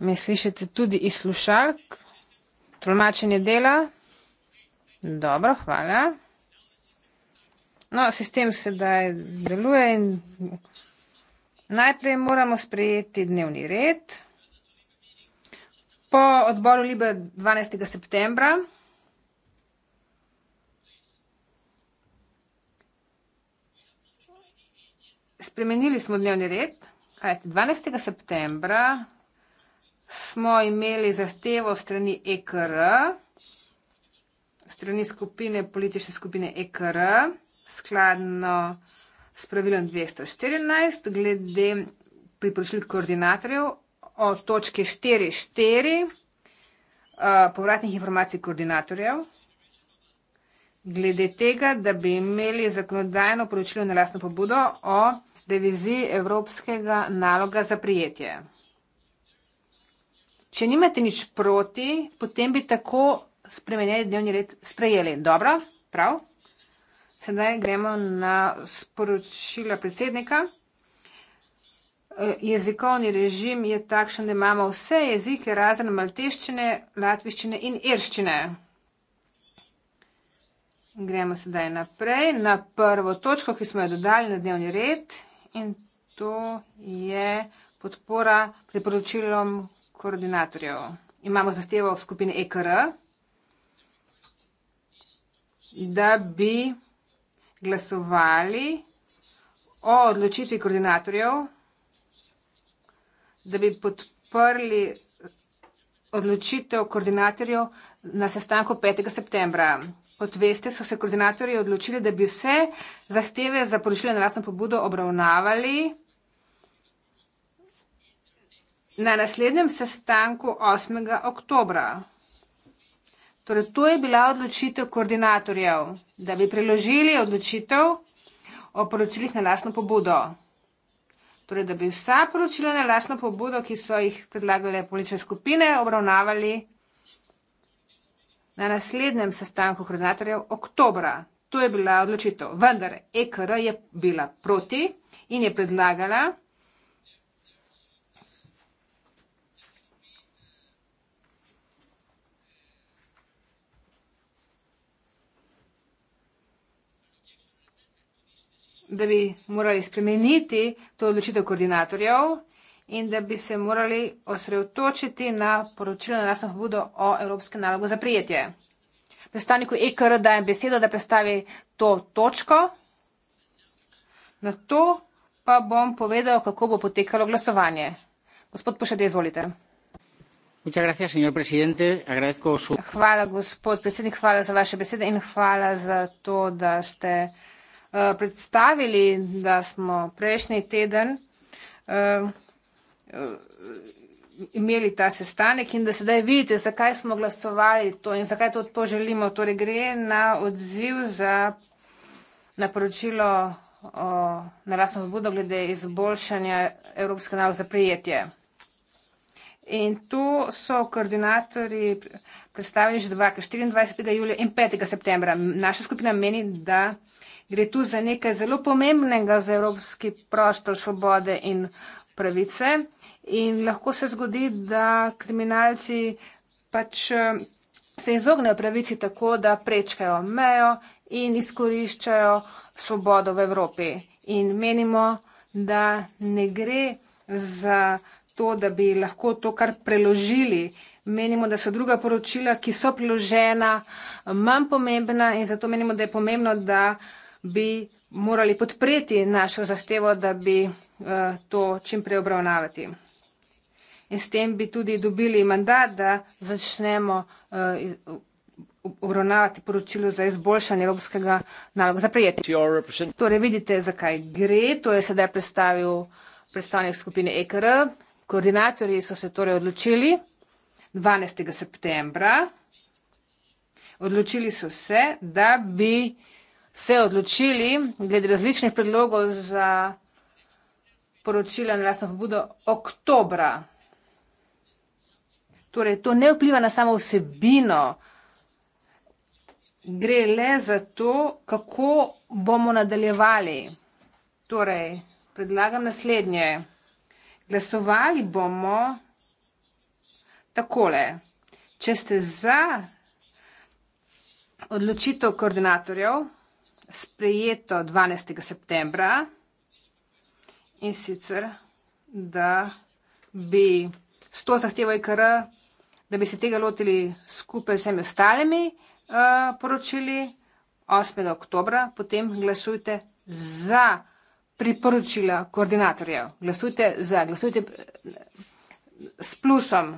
Me slišite tudi iz slušalk? Tolmačenje dela? Dobro, hvala. No, sistem sedaj deluje in najprej moramo sprejeti dnevni red. Po odboru Libe 12. septembra spremenili smo dnevni red. Kajte, 12. septembra smo imeli zahtevo strani EKR, strani skupine, politične skupine EKR, skladno s pravilom 214, glede priporočil koordinatorjev o točki 4.4 eh, povratnih informacij koordinatorjev, glede tega, da bi imeli zakonodajno poročilo na lastno pobudo o reviziji evropskega naloga za prijetje. Če nimate nič proti, potem bi tako spremenjeni dnevni red sprejeli. Dobro, prav. Sedaj gremo na sporočila predsednika. E, jezikovni režim je takšen, da imamo vse jezike razen malteščine, latviščine in irščine. Gremo sedaj naprej na prvo točko, ki smo jo dodali na dnevni red in to je podpora priporočilom koordinatorjev. Imamo zahtevo v skupini EKR, da bi glasovali o odločitvi koordinatorjev, da bi podprli odločitev koordinatorjev na sestanku 5. septembra. Kot veste, so se koordinatorji odločili, da bi vse zahteve za poročilo na lastno pobudo obravnavali na naslednjem sestanku 8. oktober. Torej, to je bila odločitev koordinatorjev, da bi preložili odločitev o poročilih na lastno pobudo. Torej, da bi vsa poročila na lastno pobudo, ki so jih predlagale politične skupine, obravnavali na naslednjem sestanku koordinatorjev oktobra. To je bila odločitev. Vendar EKR je bila proti in je predlagala, da bi morali spremeniti to odločitev koordinatorjev in da bi se morali osredotočiti na poročilo na lasno pobudo o evropskem nalogu za prijetje. Predstavniku EKR dajem besedo, da predstavi to točko. Na to pa bom povedal, kako bo potekalo glasovanje. Gospod Pošade, izvolite. Hvala, gospod predsednik, hvala za vaše besede in hvala za to, da ste. Eh, predstavili, da smo prejšnji teden eh, eh, imeli ta sestanek in da sedaj vidite, zakaj smo glasovali to in zakaj to poželimo. Torej gre na odziv za naporočilo na lasno pobudo glede izboljšanja Evropske naloge za prijetje. In tu so koordinatori predstavili že dva, 24. julija in 5. septembra. Naša skupina meni, da Gre tu za nekaj zelo pomembnega za evropski prostor svobode in pravice. In lahko se zgodi, da kriminalci pač eh, se izognejo pravici tako, da prečkajo mejo in izkoriščajo svobodo v Evropi. In menimo, da ne gre za to, da bi lahko to kar preložili. Menimo, da so druga poročila, ki so priložena, manj pomembna in zato menimo, da je pomembno, da bi morali podpreti našo zahtevo, da bi eh, to čimprej obravnavati. In s tem bi tudi dobili mandat, da začnemo eh, obravnavati poročilo za izboljšanje evropskega naloga za prijetje. Torej vidite, zakaj gre. To je sedaj predstavil predstavnik skupine EKR. Koordinatorji so se torej odločili 12. septembra. Odločili so se, da bi se odločili glede različnih predlogov za poročila na lastno pobudo oktobra. Torej, to ne vpliva na samo vsebino, gre le za to, kako bomo nadaljevali. Torej, predlagam naslednje. Glasovali bomo takole. Če ste za odločitev koordinatorjev, sprejeto 12. septembra in sicer, da bi s to zahtevo IKR, e da bi se tega lotili skupaj z vsemi ostalimi eh, poročili 8. oktobra, potem glasujte za priporočila koordinatorjev. Glasujte za, glasujte eh, s plusom.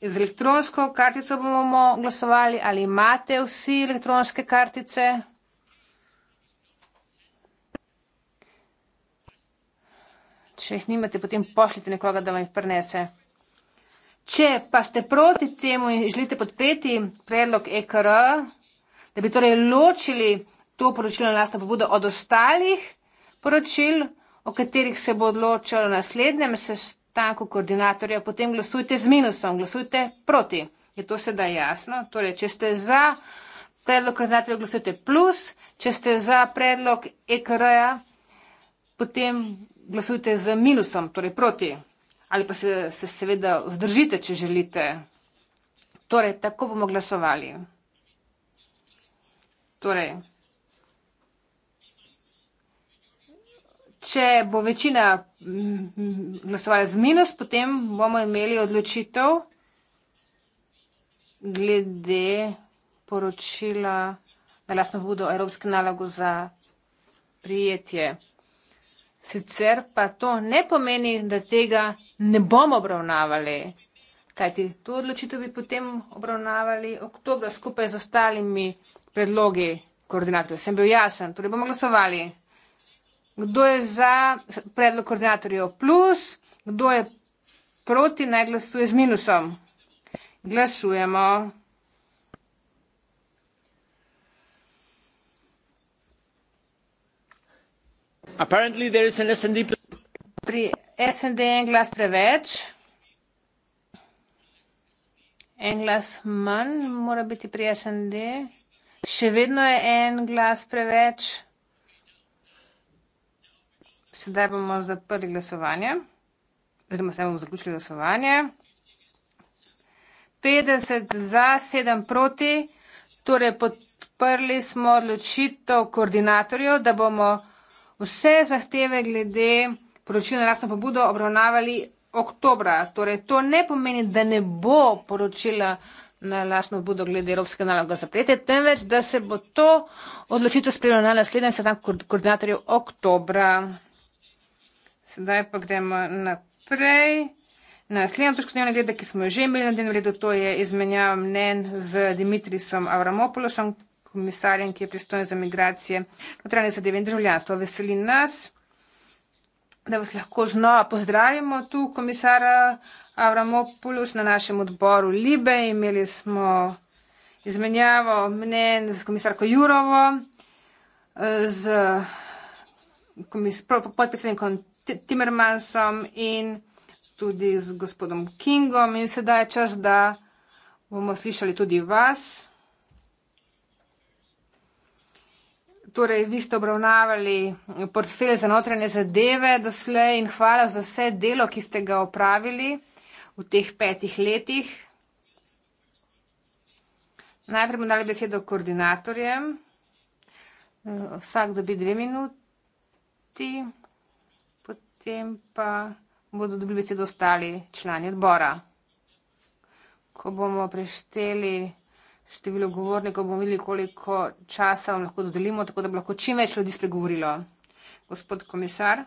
Z elektronsko kartico bomo glasovali, ali imate vsi elektronske kartice? Hvala. Če jih nimate, potem pošljite nekoga, da vam jih prenese. Če pa ste proti temu in želite podpreti predlog EKR, da bi torej ločili to poročilo na lastno pobudo od ostalih poročil, o katerih se bo odločalo na naslednjem sestanku koordinatorja, potem glasujte z minusom, glasujte proti. Je to sedaj jasno? Torej, če ste za predlog koordinatorja, glasujte plus, če ste za predlog EKR-ja, potem glasujte z minusom, torej proti, ali pa se, se seveda vzdržite, če želite. Torej, tako bomo glasovali. Torej, če bo večina mm, glasovala z minus, potem bomo imeli odločitev glede poročila na lastno vodo Evropske nalogo za prijetje. Sicer pa to ne pomeni, da tega ne bomo obravnavali, kajti to odločitev bi potem obravnavali oktobra skupaj z ostalimi predlogi koordinatorjev. Sem bil jasen, torej bomo glasovali, kdo je za predlog koordinatorjev plus, kdo je proti, naj glasuje z minusom. Glasujemo. Apparently there is an SND pri SND en glas preveč. En glas manj mora biti pri SND. Še vedno je en glas preveč. Sedaj bomo zaprli glasovanje. Zdaj sedaj bomo zaključili glasovanje. 50 za, 7 proti. Torej, podprli smo odločitev koordinatorjev, da bomo vse zahteve glede poročila na lastno pobudo obravnavali oktobra. Torej, to ne pomeni, da ne bo poročila na lastno pobudo glede evropske naloga za prijete, temveč, da se bo to odločitev sprejelo na naslednjem sestanku koordinatorjev oktobra. Sedaj pa gremo naprej. Na naslednjo točko dnevnega reda, ki smo jo že imeli na dnevnem redu, to je izmenjava mnen z Dimitrisom Avramopolosom, komisarjem, ki je pristojen za migracije, notranje zadeve in državljanstvo. Veseli nas, da vas lahko znova pozdravimo tu, komisar Avramopoulos, na našem odboru Libe. Imeli smo izmenjavo mnen z komisarko Jurovo, z podpredsednikom Timmermansom in tudi z gospodom Kingom. In sedaj je čas, da bomo slišali tudi vas. Torej, vi ste obravnavali portfelj za notranje zadeve doslej in hvala za vse delo, ki ste ga opravili v teh petih letih. Najprej bomo dali besedo koordinatorjem. Vsak dobi dve minuti, potem pa bodo dobili besedo ostali člani odbora. Ko bomo prešteli število govornikov, bomo videli, koliko časa vam lahko dodelimo, tako da bi lahko čim več ljudi spregovorilo. Gospod komisar,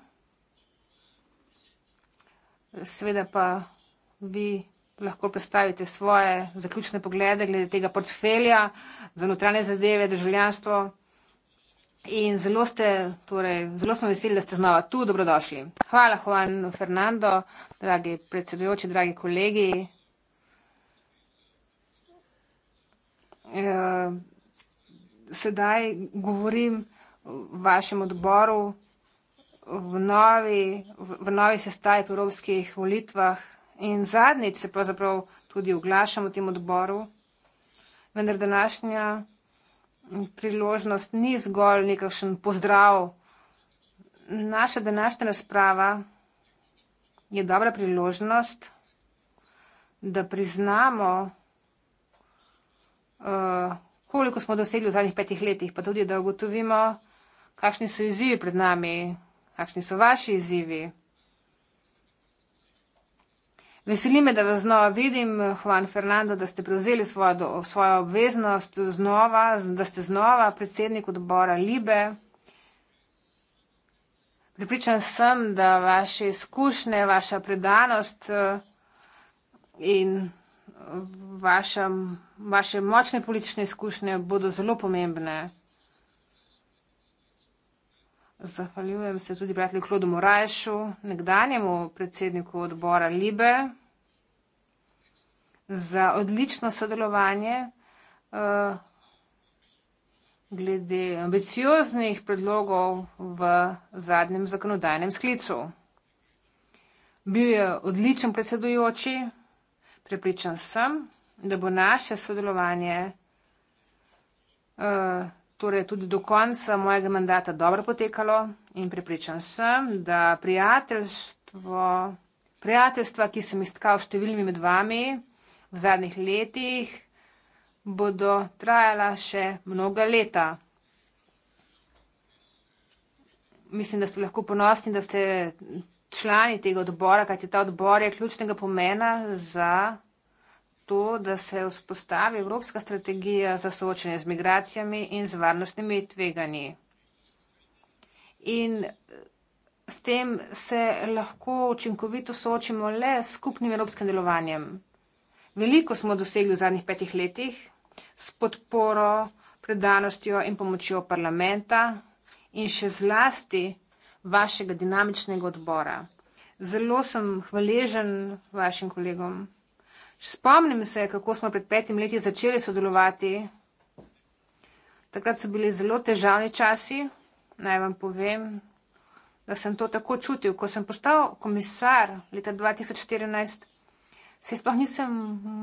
seveda pa vi lahko predstavite svoje zaključne poglede glede tega portfelja za notranje zadeve, državljanstvo. In zelo ste, torej, zelo smo veseli, da ste znova tu, dobrodošli. Hvala, Juan Fernando, dragi predsedujoči, dragi kolegi. eh, sedaj govorim v vašem odboru v novi, v, v novi sestaji pri evropskih volitvah in zadnjič se pravzaprav tudi oglašam v tem odboru, vendar današnja priložnost ni zgolj nekakšen pozdrav. Naša današnja razprava je dobra priložnost, da priznamo, Eh, koliko smo dosegli v zadnjih petih letih, pa tudi, da ugotovimo, kakšni so izzivi pred nami, kakšni so vaši izzivi. Veseli me, da vas znova vidim, Juan Fernando, da ste prevzeli svojo, do, svojo obveznost znova, da ste znova predsednik odbora Libe. Pripričan sem, da vaše izkušnje, vaša predanost eh, in vaša, vaše močne politične izkušnje bodo zelo pomembne. Zahvaljujem se tudi prijatelju Klodu Morajšu, nekdanjemu predsedniku odbora Libe, za odlično sodelovanje uh, glede ambicioznih predlogov v zadnjem zakonodajnem sklicu. Bil je odličen predsedujoči. Prepričan sem, da bo naše sodelovanje uh, torej tudi do konca mojega mandata dobro potekalo in prepričan sem, da prijateljstvo, prijateljstva, ki sem iskal številnimi med vami v zadnjih letih, bodo trajala še mnoga leta. Mislim, da ste lahko ponosni, da ste člani tega odbora, kajti ta odbor je ključnega pomena za to, da se vzpostavi evropska strategija za soočanje z migracijami in z varnostnimi tveganji. In eh, s tem se lahko učinkovito soočimo le s skupnim evropskim delovanjem. Veliko smo dosegli v zadnjih petih letih s podporo, predanostjo in pomočjo parlamenta in še zlasti vašega dinamičnega odbora. Zelo sem hvaležen vašim kolegom. Spomnim se, kako smo pred petimi leti začeli sodelovati. Takrat so bili zelo težavni časi. Naj vam povem, da sem to tako čutil. Ko sem postal komisar leta 2014, se sploh nisem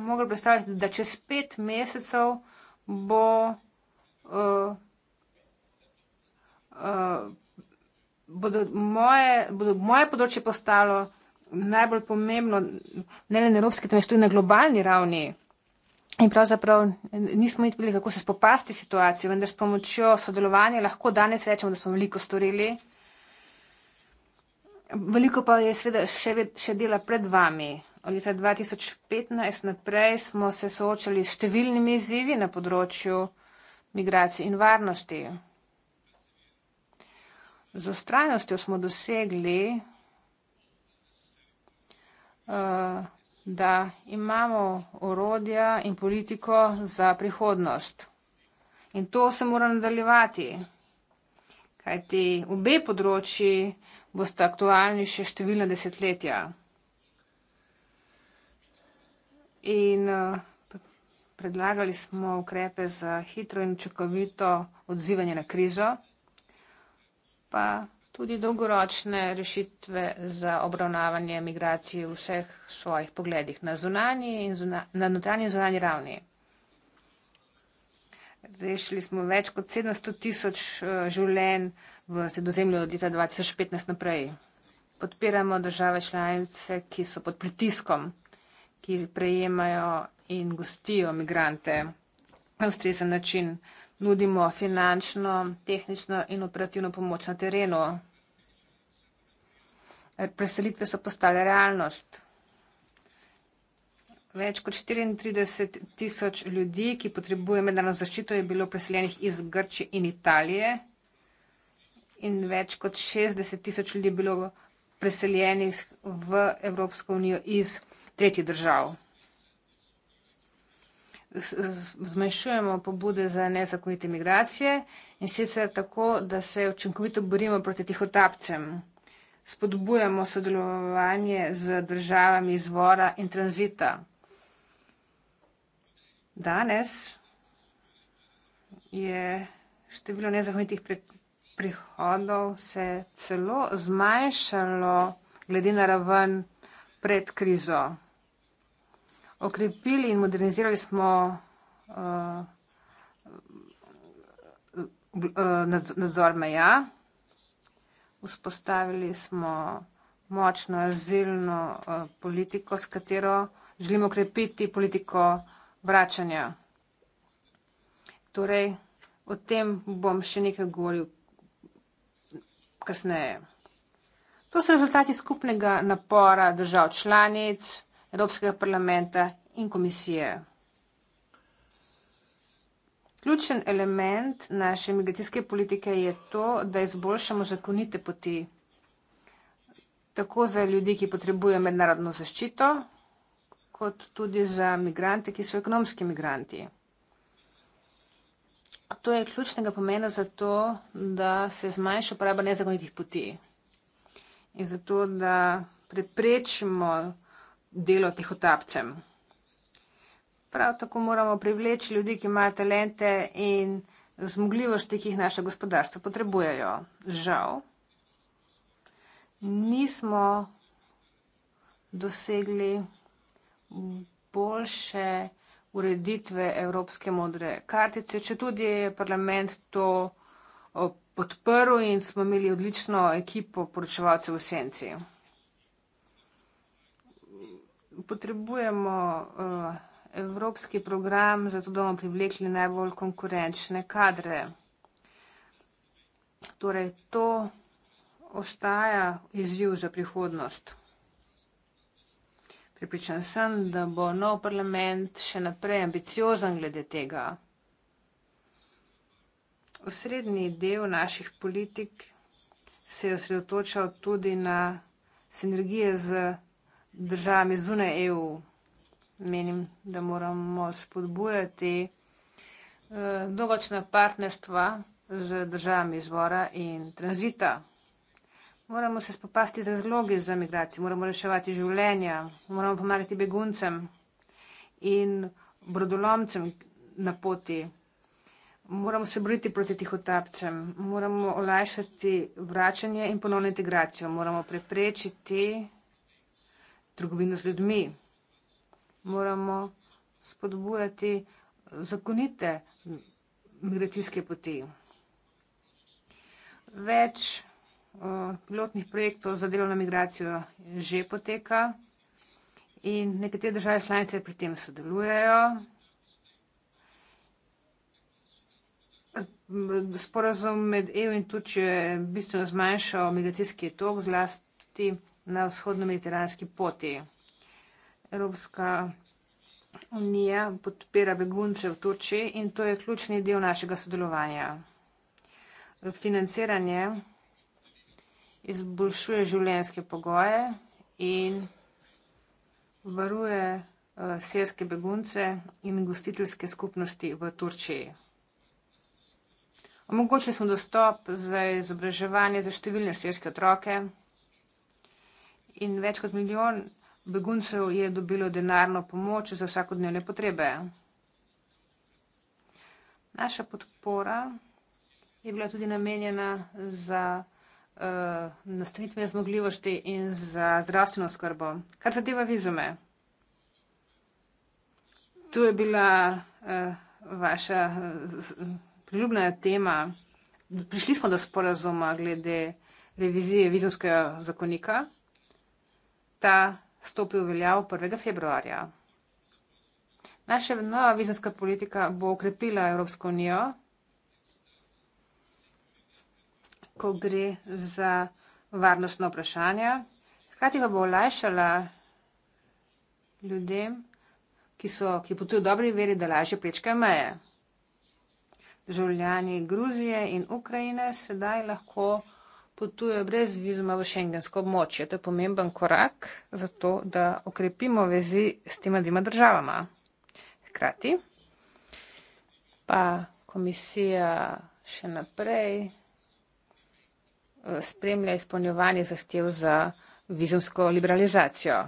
mogel predstavljati, da čez pet mesecev bo uh, uh, bodo moje, bodo moje področje postalo najbolj pomembno, ne le na evropski, temveč tudi na globalni ravni. In pravzaprav nismo videli, kako se spopasti s situacijo, vendar s pomočjo sodelovanja lahko danes rečemo, da smo veliko storili. Veliko pa je sveda še, še dela pred vami. Od leta 2015 naprej smo se soočali s številnimi izzivi na področju migracij in varnosti. Z ustrajnostjo smo dosegli, eh, da imamo orodja in politiko za prihodnost. In to se mora nadaljevati, kajti obe področji boste aktualni še številne desetletja. In eh, predlagali smo ukrepe za hitro in očekovito odzivanje na krizo pa tudi dolgoročne rešitve za obravnavanje migracij v vseh svojih pogledih na zunanji in zuna, na notranji in zunanji ravni. Rešili smo več kot 700 tisoč eh, življenj v sredozemlju od leta 2015 naprej. Podpiramo države članice, ki so pod pritiskom, ki prejemajo in gostijo migrante na ustrezen način nudimo finančno, tehnično in operativno pomoč na terenu. Preselitve so postale realnost. Več kot 34 tisoč ljudi, ki potrebujejo mednarodno zaščito, je bilo preseljenih iz Grče in Italije in več kot 60 tisoč ljudi je bilo preseljenih v Evropsko unijo iz tretjih držav zmanjšujemo pobude za nezakonite migracije in sicer tako, da se učinkovito borimo proti tihotapcem. Spodbujamo sodelovanje z državami izvora in tranzita. Danes je število nezakonitih prihodov se celo zmanjšalo glede na raven pred krizo okrepili in modernizirali smo uh, uh, nadzor meja, vzpostavili smo močno azilno uh, politiko, s katero želimo okrepiti politiko vračanja. Torej, o tem bom še nekaj govoril kasneje. To so rezultati skupnega napora držav članic. Evropskega parlamenta in komisije. Ključen element naše migracijske politike je to, da izboljšamo zakonite poti tako za ljudi, ki potrebujejo mednarodno zaščito, kot tudi za migrante, ki so ekonomski migranti. To je ključnega pomena za to, da se zmanjša uporaba nezakonitih poti in zato, da preprečimo delo teh otapcem. Prav tako moramo privleči ljudi, ki imajo talente in zmogljivosti, ki jih naše gospodarstvo potrebujejo. Žal, nismo dosegli boljše ureditve Evropske modre kartice, če tudi je parlament to eh, podprl in smo imeli odlično ekipo poročevalcev v senci potrebujemo eh, evropski program, zato da bomo privlekli najbolj konkurenčne kadre. Torej, to ostaja izziv za prihodnost. Pripričan sem, da bo nov parlament še naprej ambiciozen glede tega. Osrednji del naših politik se je osredotočal tudi na sinergije z državami zunaj EU. Menim, da moramo spodbujati eh, dolgočna partnerstva z državami izvora in tranzita. Moramo se spopasti z razlogi za migracijo, moramo reševati življenja, moramo pomagati beguncem in brodolomcem na poti. Moramo se boriti proti tihotapcem, moramo olajšati vračanje in ponovno integracijo, moramo preprečiti trgovino z ljudmi, moramo spodbujati zakonite migracijske poti. Več eh, pilotnih projektov za delovno migracijo že poteka in nekatere države članice pri tem sodelujejo. Sporazum med EU in Turčijo je bistveno zmanjšal migracijski tok, zlasti na vzhodno-mediteranski poti. Evropska unija podpira begunce v Turčiji in to je ključni del našega sodelovanja. Financiranje izboljšuje življenjske pogoje in varuje eh, selske begunce in gostiteljske skupnosti v Turčiji. Omogočili smo dostop za izobraževanje za številne selske otroke in več kot milijon beguncev je dobilo denarno pomoč za vsakodnevne potrebe. Naša podpora je bila tudi namenjena za uh, eh, nastanitvene zmogljivosti in za zdravstveno skrbo. Kar zadeva vizume, tu je bila uh, vaša uh, priljubljena tema. Prišli smo do sporazuma glede revizije vizumskega zakonika ta stopil veljav 1. februarja. Naša nova vizijska politika bo ukrepila Evropsko unijo, ko gre za varnostno vprašanje, hkrati pa bo olajšala ljudem, ki, so, ki potujo v dobri veri, da lažje prečkajo meje. Državljani Gruzije in Ukrajine sedaj lahko potujejo brez vizuma v šengensko območje. To je pomemben korak za to, da okrepimo vezi s tema dvima državama. Hkrati pa komisija še naprej eh, spremlja izpolnjevanje zahtev za vizumsko liberalizacijo.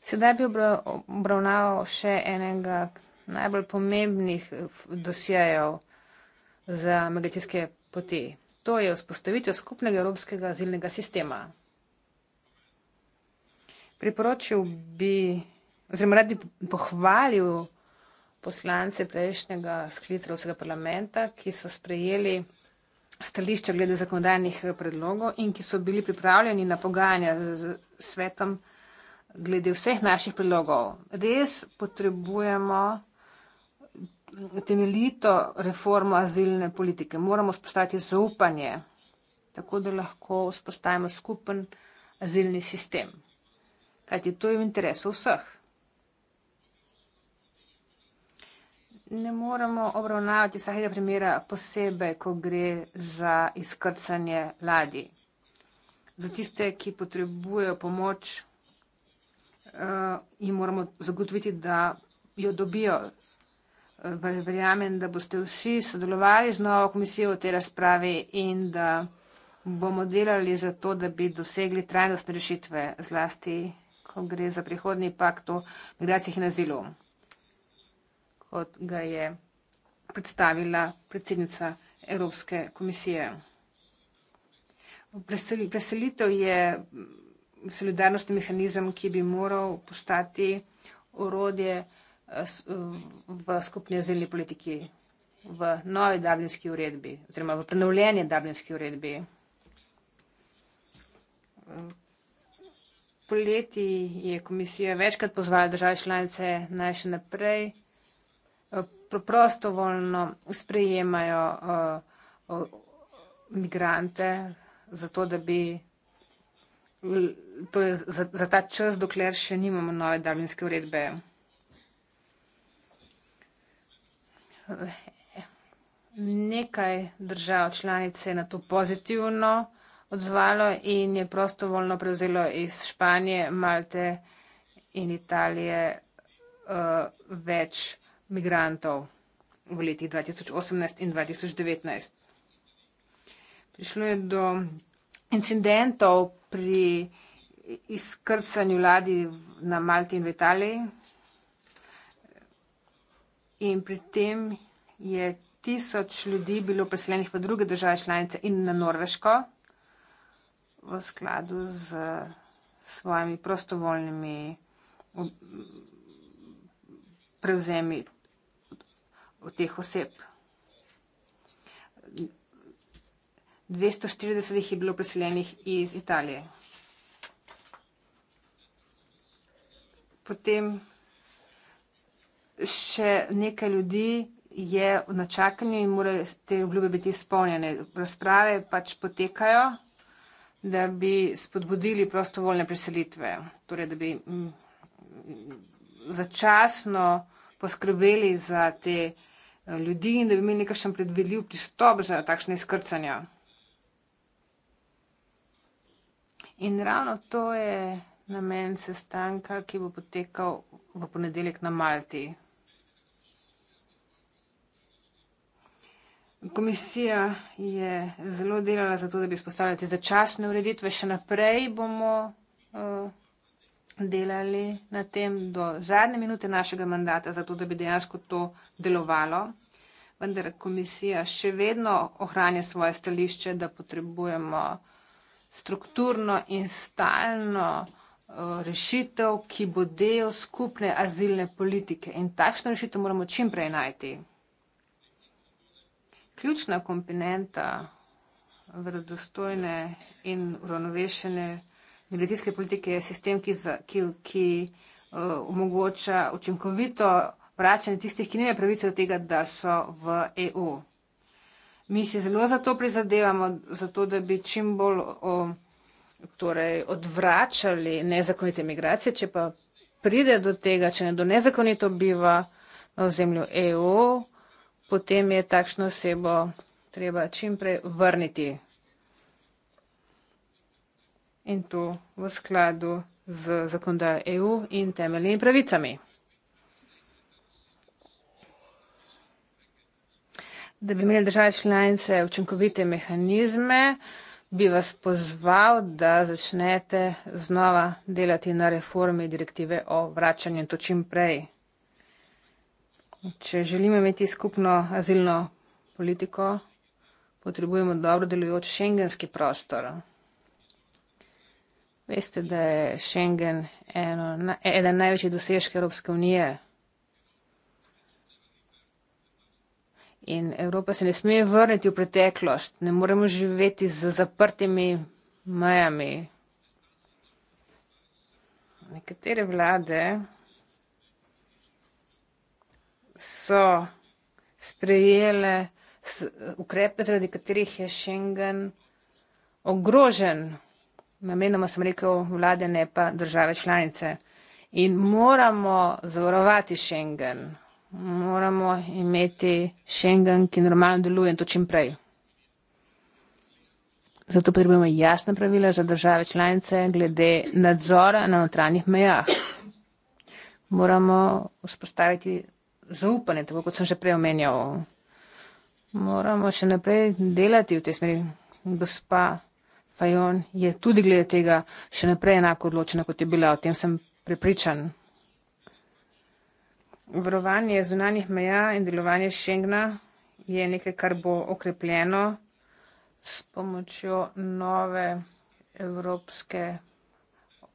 Sedaj bi obravnaval še enega najbolj pomembnih eh, dosjejev za megatijske poti to je vzpostavitev skupnega evropskega azilnega sistema. Priporočil bi, oziroma rad bi pohvalil poslance prejšnjega sklicarovskega parlamenta, ki so sprejeli stališča glede zakonodajnih predlogov in ki so bili pripravljeni na pogajanja z svetom glede vseh naših predlogov. Res potrebujemo temeljito reformo azilne politike. Moramo spostaviti zaupanje, tako da lahko spostavimo skupen azilni sistem. Kaj ti to je v interesu vseh? Ne moramo obravnavati vsakega primera posebej, ko gre za izkrcanje ladij. Za tiste, ki potrebujejo pomoč, uh, jim moramo zagotoviti, da jo dobijo Verjamem, da boste vsi sodelovali z novo komisijo v tej razpravi in da bomo delali za to, da bi dosegli trajnostne rešitve, zlasti, ko gre za prihodni pakt o migracijah in azilu, kot ga je predstavila predsednica Evropske komisije. Preselitev je solidarnostni mehanizem, ki bi moral postati orodje v skupni azilni politiki, v novi Dablinski uredbi, oziroma v prenovljeni Dablinski uredbi. Poleti je komisija večkrat pozvala države članice naj še naprej eh, prostovoljno sprejemajo uh, uh, migrante, zato da bi torej za, za ta čas, dokler še nimamo nove davljinske uredbe, Nekaj držav članic se je na to pozitivno odzvalo in je prostovoljno prevzelo iz Španije, Malte in Italije uh, več migrantov v letih 2018 in 2019. Prišlo je do incidentov pri izkrcanju ladij na Malti in v Italiji in pri tem je tisoč ljudi bilo preseljenih v druge države članice in na Norveško v skladu z svojimi prostovoljnimi prevzemi od teh oseb. 240 jih je bilo preseljenih iz Italije. Potem še nekaj ljudi je na čakanju in morajo te obljube biti izpolnjene. Razprave pač potekajo, da bi spodbudili prostovoljne preselitve, torej da bi mm, začasno poskrbeli za te eh, ljudi in da bi imeli nekakšen predvidljiv pristop za takšne izkrcanja. In ravno to je namen sestanka, ki bo potekal v ponedeljek na Malti. Komisija je zelo delala za to, da bi spostavila te začasne ureditve. Še naprej bomo uh, delali na tem do zadnje minute našega mandata, zato da bi dejansko to delovalo. Vendar komisija še vedno ohranja svoje stališče, da potrebujemo strukturno in stalno eh, rešitev, ki bo del skupne azilne politike. In takšno rešitev moramo čim prej najti ključna komponenta verodostojne in uravnovešene migracijske politike je sistem, ki, za, ki, ki uh, omogoča učinkovito vračanje tistih, ki nimajo pravice do tega, da so v EU. Mi si zelo za to prizadevamo, zato da bi čim bolj o, torej odvračali nezakonite migracije, če pa pride do tega, če nekdo nezakonito biva na ozemlju EU, potem je takšno osebo treba čimprej vrniti. In to v skladu z zakonodajo EU in temeljnimi pravicami. Da bi imeli države članice učinkovite mehanizme, bi vas pozval, da začnete znova delati na reformi direktive o vračanju in to čimprej če želimo imeti skupno azilno politiko, potrebujemo dobro delujoč šengenski prostor. Veste, da je Schengen eno, eden največjih dosežkov Evropske unije. In Evropa se ne sme vrniti v preteklost, ne moremo živeti z zaprtimi mejami. Nekatere vlade so sprejele ukrepe, zaradi katerih je Schengen ogrožen. Namenoma sem rekel vlade, ne pa države članice. In moramo zavarovati Schengen. Moramo imeti Schengen, ki normalno deluje in to čim prej. Zato potrebujemo jasne pravila za države članice glede nadzora na notranjih mejah. Moramo vzpostaviti zaupanje, tako kot sem že prej omenjal. Moramo še naprej delati v tej smeri. Gospa Fajon je tudi glede tega še naprej enako odločena, kot je bila. O tem sem prepričan. Varovanje zunanjih meja in delovanje Schengna je nekaj, kar bo okrepljeno s pomočjo nove evropske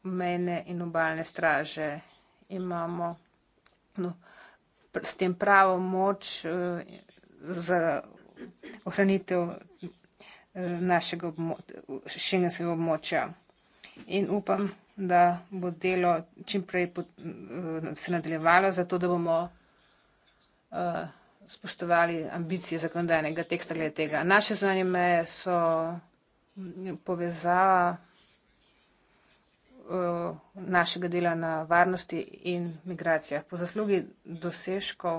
mejne in obaljne straže. Imamo. No s tem pravo moč eh, za ohranitev eh, našega območja, šengenskega območja. In upam, da bo delo čimprej eh, se nadaljevalo, zato da bomo spoštovali ambicije zakonodajnega teksta glede tega. Naše zunanje meje so povezava Eh, našega dela na varnosti in migracijah. Po zaslugi dosežkov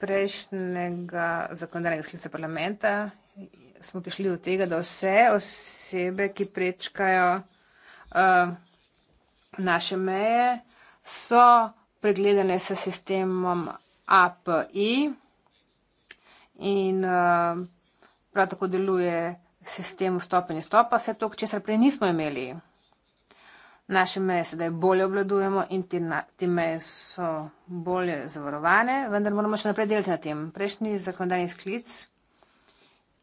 prejšnjega zakonodajnega sklica parlamenta smo prišli do tega, da vse osebe, ki prečkajo uh, naše meje, so pregledane s sistemom API in uh, prav tako deluje sistem vstopenja stopa, vse to, česar prej nismo imeli naše meje sedaj bolje obvladujemo in te, na, te meje so bolje zavarovane, vendar moramo še naprej delati na tem. Prejšnji zakonodajni sklic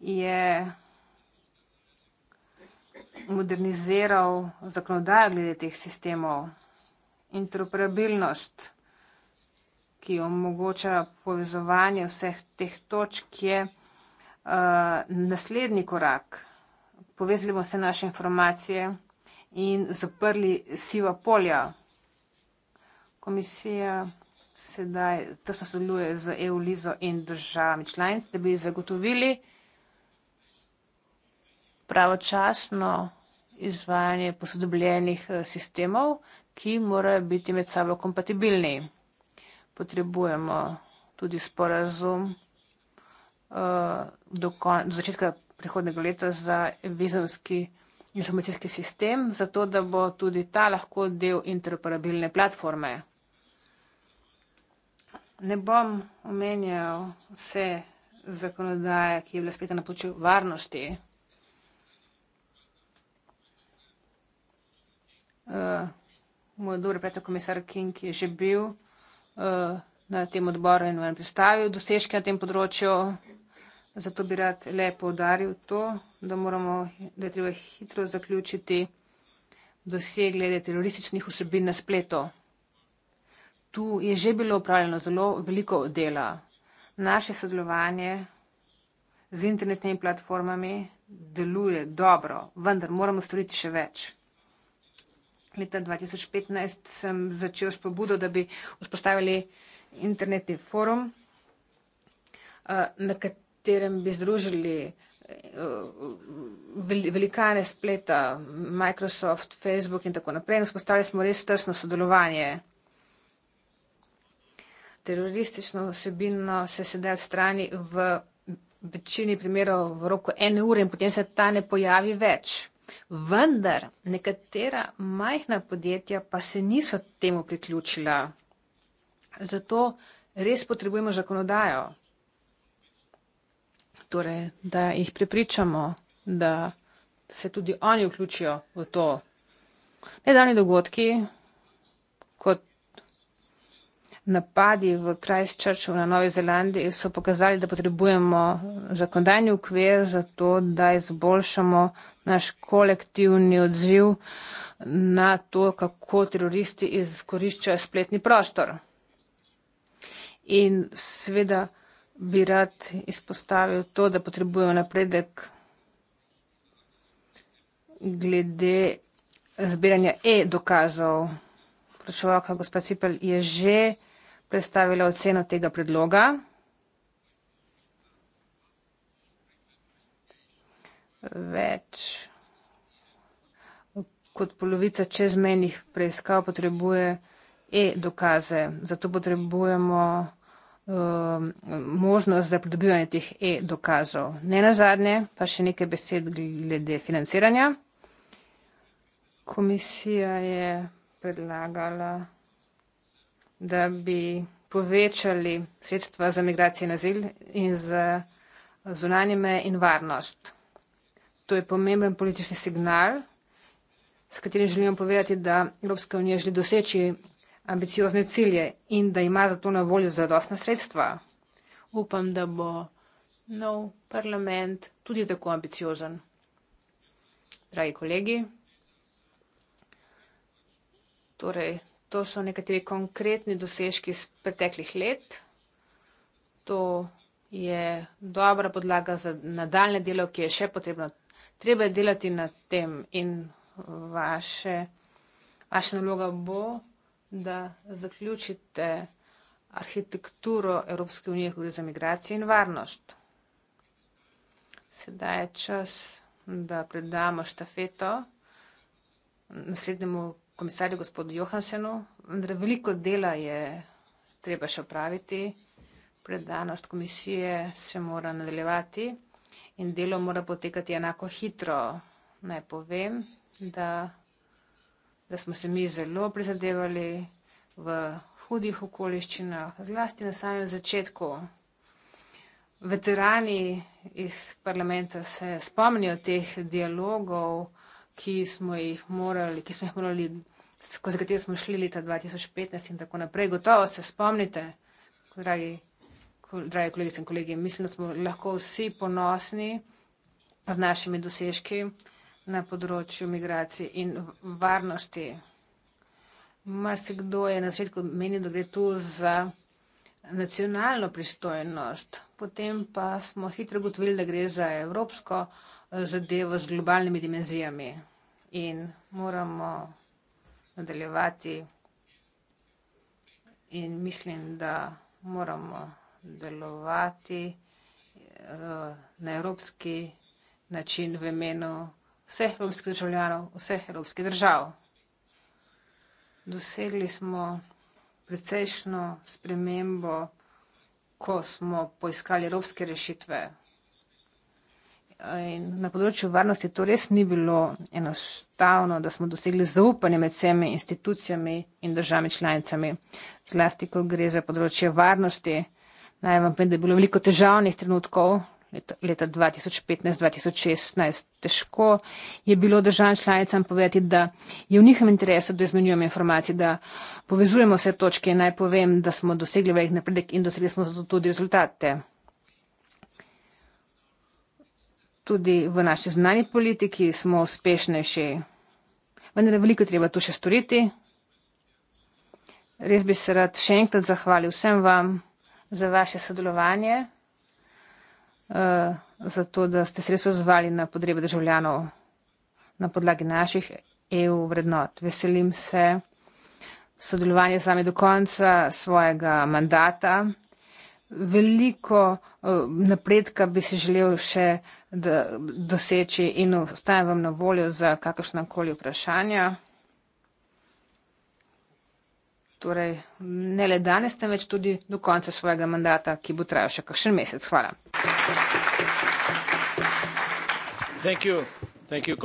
je moderniziral zakonodajo glede teh sistemov, interoperabilnost, ki omogoča povezovanje vseh teh točk, je uh, naslednji korak. Povezali bomo vse naše informacije in zaprli siva polja. Komisija sedaj tesno sodeluje z EU, Lizo in državami članicami, da bi zagotovili pravočasno izvajanje posodobljenih eh, sistemov, ki morajo biti med sabo kompatibilni. Potrebujemo tudi sporazum uh, do, do začetka prihodnega leta za vizumski sistem informacijski sistem, zato da bo tudi ta lahko del interoperabilne platforme. Ne bom omenjal vse zakonodaje, ki je bila spet na počju varnosti. Uh, moj dober prijatelj komisar King je že bil uh, na tem odboru in vam predstavil dosežke na tem področju. Zato bi rad le povdaril to, da, moramo, da je treba hitro zaključiti dosje glede terorističnih osebin na spletu. Tu je že bilo upravljeno zelo veliko dela. Naše sodelovanje z internetnimi platformami deluje dobro, vendar moramo storiti še več. Leta 2015 sem začel s pobudo, da bi vzpostavili internetni forum, eh, na katerem katerem bi združili eh, velikane spleta, Microsoft, Facebook in tako naprej. In spostali smo res tesno sodelovanje. Teroristično vsebino se sedaj odstrani v večini primerov v roku ene ure in potem se ta ne pojavi več. Vendar nekatera majhna podjetja pa se niso temu priključila. Zato res potrebujemo zakonodajo torej, da jih prepričamo, da se tudi oni vključijo v to. Nedavni dogodki, kot napadi v Krajščaču na Novi Zelandiji, so pokazali, da potrebujemo zakondajni ukvir za to, da izboljšamo naš kolektivni odziv na to, kako teroristi izkoriščajo spletni prostor. In sveda, bi rad izpostavil to, da potrebujemo napredek glede zbiranja e-dokazov. Prošovalka gospod Cipel je že predstavila oceno tega predloga. Več kot polovica čezmenih preiskav potrebuje e-dokaze. Zato potrebujemo Um, možnost za pridobivanje teh e-dokazov. Ne na zadnje, pa še nekaj besed glede financiranja. Komisija je predlagala, da bi povečali sredstva za migracije in azil in za zunanjime in varnost. To je pomemben politični signal, s katerim želim povedati, da Evropska unija želi doseči ambiciozne cilje in da ima zato na voljo zadostna sredstva. Upam, da bo nov parlament tudi tako ambiciozen. Dragi kolegi, torej, to so nekateri konkretni dosežki iz preteklih let. To je dobra podlaga za nadaljne delo, ki je še potrebno. Treba je delati na tem in vaše, vaša naloga bo da zaključite arhitekturo Evropske unije, ko gre za migracijo in varnost. Sedaj je čas, da predamo štafeto naslednjemu komisarju gospodu Johansenu, vendar veliko dela je treba še opraviti. Predanost komisije se mora nadaljevati in delo mora potekati enako hitro. Naj povem, da da smo se mi zelo prizadevali v hudih okoliščinah, zlasti na samem začetku. Veterani iz parlamenta se spomnijo teh dialogov, ki smo jih morali, ki smo jih morali, skozi katere smo šli leta 2015 in tako naprej. Gotovo se spomnite, dragi, dragi kolegice in kolegi, mislim, da smo lahko vsi ponosni z našimi dosežki na področju migracij in varnosti. Marsikdo je na začetku menil, da gre tu za nacionalno pristojnost, potem pa smo hitro ugotovili, da gre za evropsko eh, zadevo z globalnimi dimenzijami in moramo nadaljevati in mislim, da moramo delovati eh, na evropski način v imenu vseh evropskih državljanov, vseh evropskih držav. Dosegli smo precejšno spremembo, ko smo poiskali evropske rešitve. In na področju varnosti to res ni bilo enostavno, da smo dosegli zaupanje med vsemi institucijami in državami članicami, zlasti, ko gre za področje varnosti. Naj vam povem, da je bilo veliko težavnih trenutkov, leta 2015-2016. Težko je bilo državam članicam povedati, da je v njihovem interesu, da izmenjujemo informacije, da povezujemo vse točke in naj povem, da smo dosegli velik napredek in dosegli smo zato tudi rezultate. Tudi v naši zunanji politiki smo uspešnejši, vendar je veliko treba tu še storiti. Res bi se rad še enkrat zahvalil vsem vam za vaše sodelovanje. Eh, zato da ste se res ozvali na potrebe državljanov na podlagi naših EU vrednot. Veselim se sodelovanja z vami do konca svojega mandata. Veliko uh, napredka bi si želel še doseči in ostajam vam na voljo za kakršna koli vprašanja torej ne le danes, temveč tudi do konca svojega mandata, ki bo trajal še kakšen mesec. Hvala. Thank you. Thank you,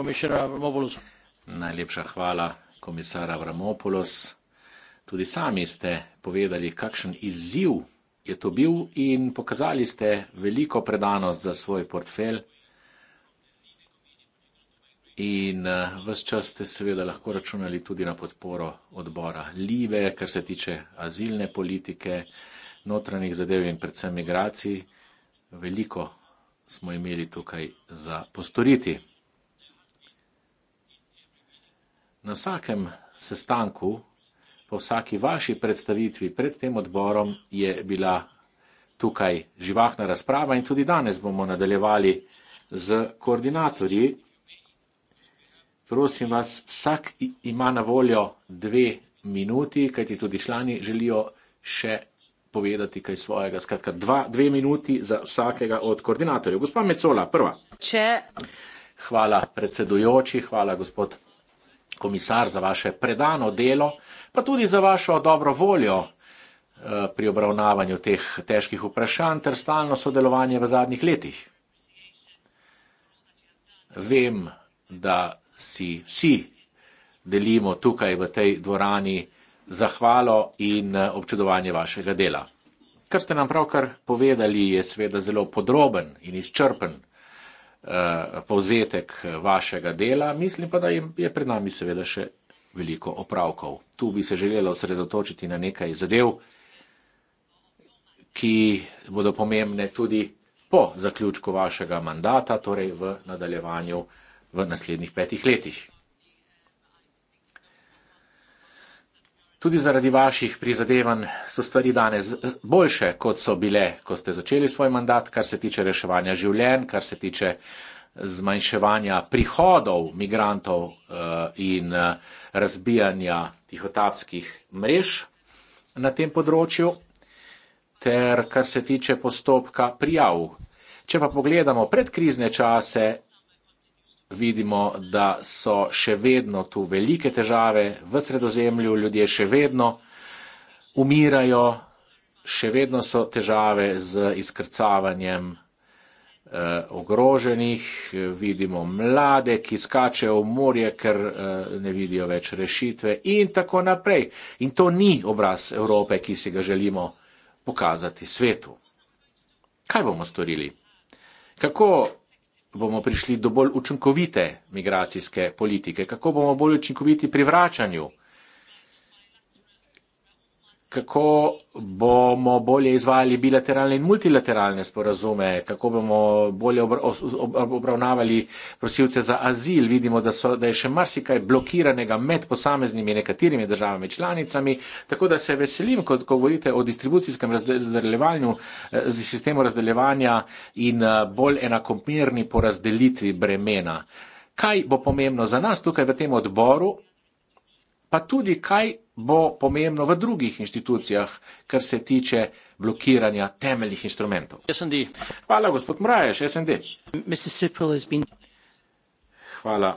Najlepša hvala, komisar Avramopoulos. Tudi sami ste povedali, kakšen izziv je to bil in pokazali ste veliko predanost za svoj portfelj. In uh, eh, vse čas ste seveda lahko računali tudi na podporo odbora Live, kar se tiče azilne politike, notranjih zadev in predvsem migracij. Veliko smo imeli tukaj za postoriti. Na vsakem sestanku, po vsaki vaši predstavitvi pred tem odborom je bila tukaj živahna razprava in tudi danes bomo nadaljevali z koordinatorji Prosim vas, vsak ima na voljo dve minuti, kajti tudi člani želijo še povedati kaj svojega. Skratka, dva, dve minuti za vsakega od koordinatorjev. Gospa Mecola, prva. Če. Hvala predsedujoči, hvala gospod komisar za vaše predano delo, pa tudi za vašo dobro voljo eh, pri obravnavanju teh težkih vprašanj ter stalno sodelovanje v zadnjih letih. Vem, da si vsi delimo tukaj v tej dvorani zahvalo in eh, občudovanje vašega dela. Kar ste nam pravkar povedali, je seveda zelo podroben in izčrpen eh, povzetek eh, vašega dela, mislim pa, da je pred nami seveda še veliko opravkov. Tu bi se želelo osredotočiti na nekaj zadev, ki bodo pomembne tudi po zaključku vašega mandata, torej v nadaljevanju v naslednjih petih letih. Tudi zaradi vaših prizadevanj so stvari danes eh, boljše, kot so bile, ko ste začeli svoj mandat, kar se tiče reševanja življenj, kar se tiče eh, zmanjševanja prihodov migrantov eh, in razbijanja tihotapskih mrež na tem področju, ter kar se tiče postopka prijav. Če pa pogledamo predkrizne čase, vidimo, da so še vedno tu velike težave v sredozemlju, ljudje še vedno umirajo, še vedno so težave z izkrcavanjem eh, ogroženih, vidimo mlade, ki skačejo v morje, ker eh, ne vidijo več rešitve in tako naprej. In to ni obraz Evrope, ki si ga želimo pokazati svetu. Kaj bomo storili? Kako bomo prišli do bolj učinkovite migracijske politike, kako bomo bolj učinkoviti pri vračanju kako bomo bolje izvajali bilateralne in multilateralne sporazume, kako bomo bolje obravnavali prosilce za azil. Vidimo, da, so, da je še marsikaj blokiranega med posameznimi nekaterimi državami članicami, tako da se veselim, ko, ko govorite o distribucijskem razdeljevanju, eh, sistemu razdeljevanja in eh, bolj enakomerni porazdelitvi bremena. Kaj bo pomembno za nas tukaj v tem odboru, pa tudi kaj bo pomembno v drugih inštitucijah, kar se tiče blokiranja temeljnih instrumentov. SND. Hvala, gospod Mraješ, SND. Been... Hvala.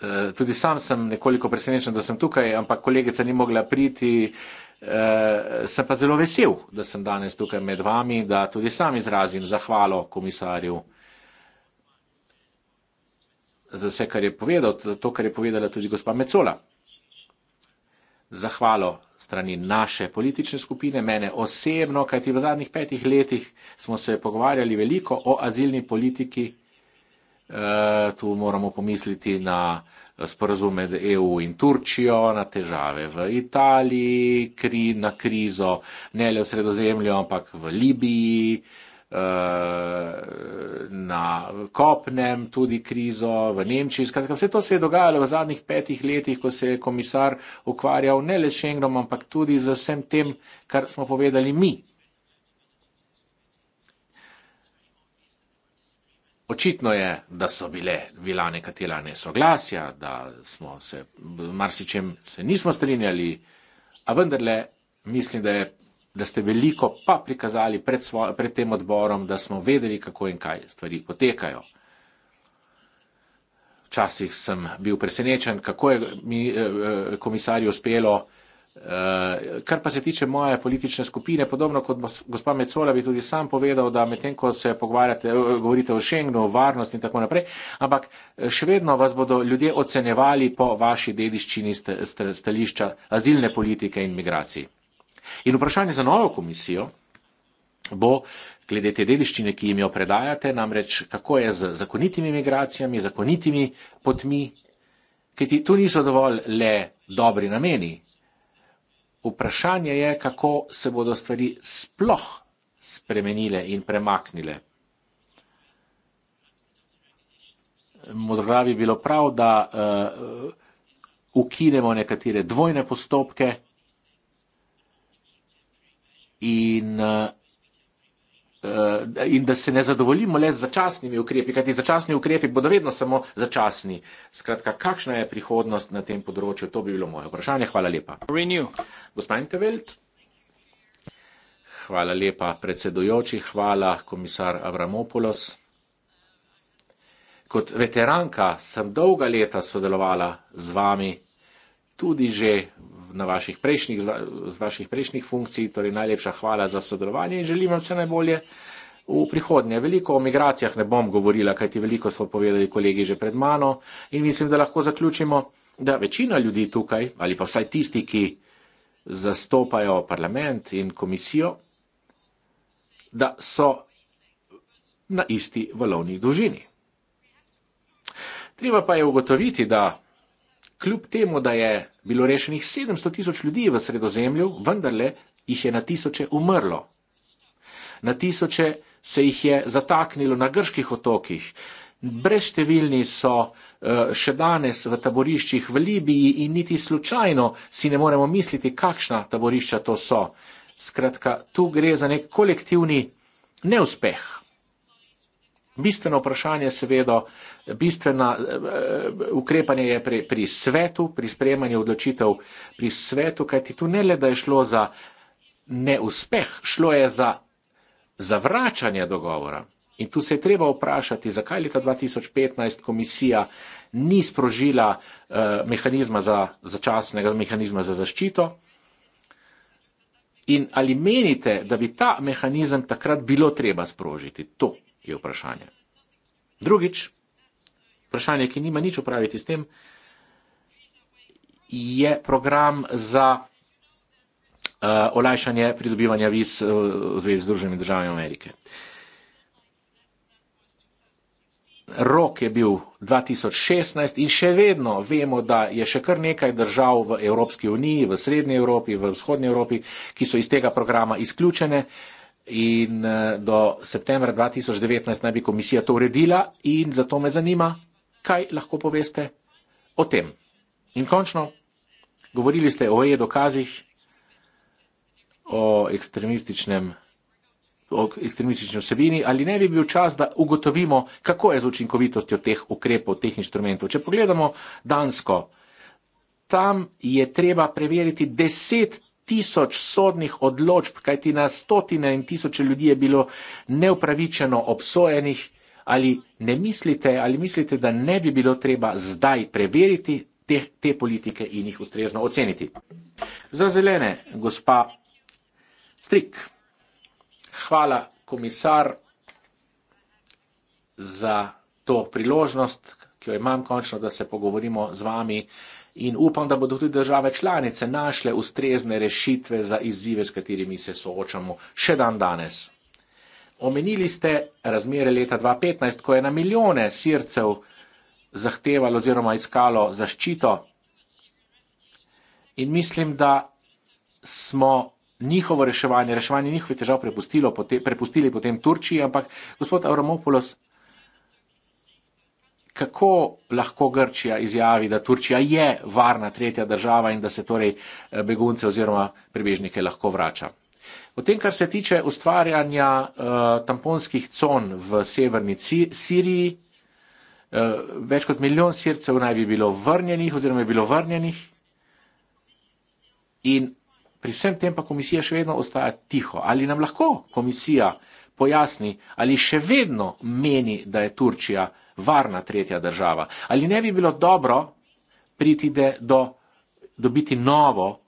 Eh, tudi sam sem nekoliko presenečen, da sem tukaj, ampak kolegica ni mogla priti. Uh, sem pa zelo vesel, da sem danes tukaj med vami, da tudi sam izrazim zahvalo komisarju za vse, kar je povedal, za to, kar je povedala tudi gospa Mecola. Zahvalo strani naše politične skupine, mene osebno, kajti v zadnjih petih letih smo se pogovarjali veliko o azilni politiki. Eh, tu moramo pomisliti na sporazum med EU in Turčijo, na težave v Italiji, kri, na krizo ne le v sredozemlju, ampak v Libiji, uh, Eh, na kopnem tudi krizo, v Nemčiji. Skratka, vse to se je dogajalo v zadnjih petih letih, ko se je komisar ukvarjal ne le s Schengenom, ampak tudi z vsem tem, kar smo povedali mi. Očitno je, da so bile bila nekatera nesoglasja, da smo se marsičem se nismo strinjali, a vendarle mislim, da je da ste veliko pa prikazali pred, svoj, pred tem odborom, da smo vedeli, kako in kaj stvari potekajo. Včasih sem bil presenečen, kako je mi, eh, eh komisarju uspelo. Eh, kar pa se tiče moje politične skupine, podobno kot gospa Mecola bi tudi sam povedal, da medtem, ko se pogovarjate, eh, govorite o Schengenu, o varnosti in tako naprej, ampak eh, še vedno vas bodo ljudje ocenjevali po vaši dediščini st st stališča azilne politike in migracij. In vprašanje za novo komisijo bo, glede te dediščine, ki jim jo predajate, namreč kako je z zakonitimi migracijami, zakonitimi potmi, kajti tu niso dovolj le dobri nameni. Vprašanje je, kako se bodo stvari sploh spremenile in premaknile. Modrogravi bilo prav, da uh, ukinemo nekatere dvojne postopke, in, uh, in da se ne zadovoljimo le z začasnimi ukrepi, kajti začasni ukrepi bodo vedno samo začasni. Skratka, kakšna je prihodnost na tem področju, to bi bilo moje vprašanje. Hvala lepa. Renew. Gospod Intervelt. Hvala lepa predsedujoči, hvala komisar Avramopoulos. Kot veteranka sem dolga leta sodelovala z vami, tudi že na vaših prejšnjih, z vaših prejšnjih funkcij. Torej, najlepša hvala za sodelovanje in želim vam vse najbolje v prihodnje. Veliko o migracijah ne bom govorila, kajti veliko so povedali kolegi že pred mano in mislim, da lahko zaključimo, da večina ljudi tukaj ali pa vsaj tisti, ki zastopajo parlament in komisijo, da so na isti valovni dolžini. Treba pa je ugotoviti, da kljub temu, da je bilo rešenih 700 tisoč ljudi v sredozemlju, vendarle jih je na tisoče umrlo. Na tisoče se jih je zataknilo na grških otokih, brezštevilni so eh, še danes v taboriščih v Libiji in niti slučajno si ne moremo misliti, kakšna taborišča to so. Skratka, tu gre za nek kolektivni neuspeh. Bistveno vprašanje, seveda, bistveno eh, ukrepanje je pri, pri svetu, pri sprejemanju odločitev pri svetu, kajti tu ne le, da je šlo za neuspeh, šlo je za zavračanje dogovora. In tu se je treba vprašati, zakaj leta 2015 komisija ni sprožila eh, mehanizma za začasnega mehanizma za zaščito. In ali menite, da bi ta mehanizem takrat bilo treba sprožiti? To je vprašanje. Drugič, vprašanje, ki nima nič upraviti s tem, je program za uh, olajšanje pridobivanja viz eh, v zvezi z Združenimi državami Amerike. Rok je bil 2016 in še vedno vemo, da je še kar nekaj držav v Evropski uniji, v Srednji Evropi, v Vzhodnji Evropi, ki so iz tega programa izključene. Uh, in eh, do septembra 2019 naj bi komisija to uredila in zato me zanima, kaj lahko poveste o tem. In končno, govorili ste o e-dokazih, o ekstremističnem o ekstremistični vsebini, ali ne bi bil čas, da ugotovimo, kako je z učinkovitostjo teh ukrepov, teh inštrumentov. Če pogledamo Dansko, tam je treba preveriti deset tisoč sodnih odločb, kajti na stotine in tisoče ljudi je bilo neupravičeno obsojenih. Ali ne mislite, ali mislite, da ne bi bilo treba zdaj preveriti te, te politike in jih ustrezno oceniti? Za zelene, gospa Strik. Hvala, komisar, za to priložnost, ki jo imam končno, da se pogovorimo z vami in upam, da bodo tudi države članice našle ustrezne rešitve za izzive, s katerimi se soočamo še dan danes. Omenili ste razmere leta 2015, ko je na milijone sircev zahtevalo oziroma iskalo zaščito in mislim, da smo njihovo reševanje, reševanje njihovih težav prepustili potem Turčiji, ampak gospod Avramopoulos, kako lahko Grčija izjavi, da Turčija je varna tretja država in da se torej eh, begunce oziroma prebežnike lahko vrača. O tem, kar se tiče ustvarjanja uh, tamponskih con v severni Siriji, uh, več kot milijon sircev naj bi bilo vrnjenih oziroma je bilo vrnjenih. In pri vsem tem pa komisija še vedno ostaja tiho. Ali nam lahko komisija pojasni, ali še vedno meni, da je Turčija varna tretja država. Ali ne bi bilo dobro priti de, do dobiti novo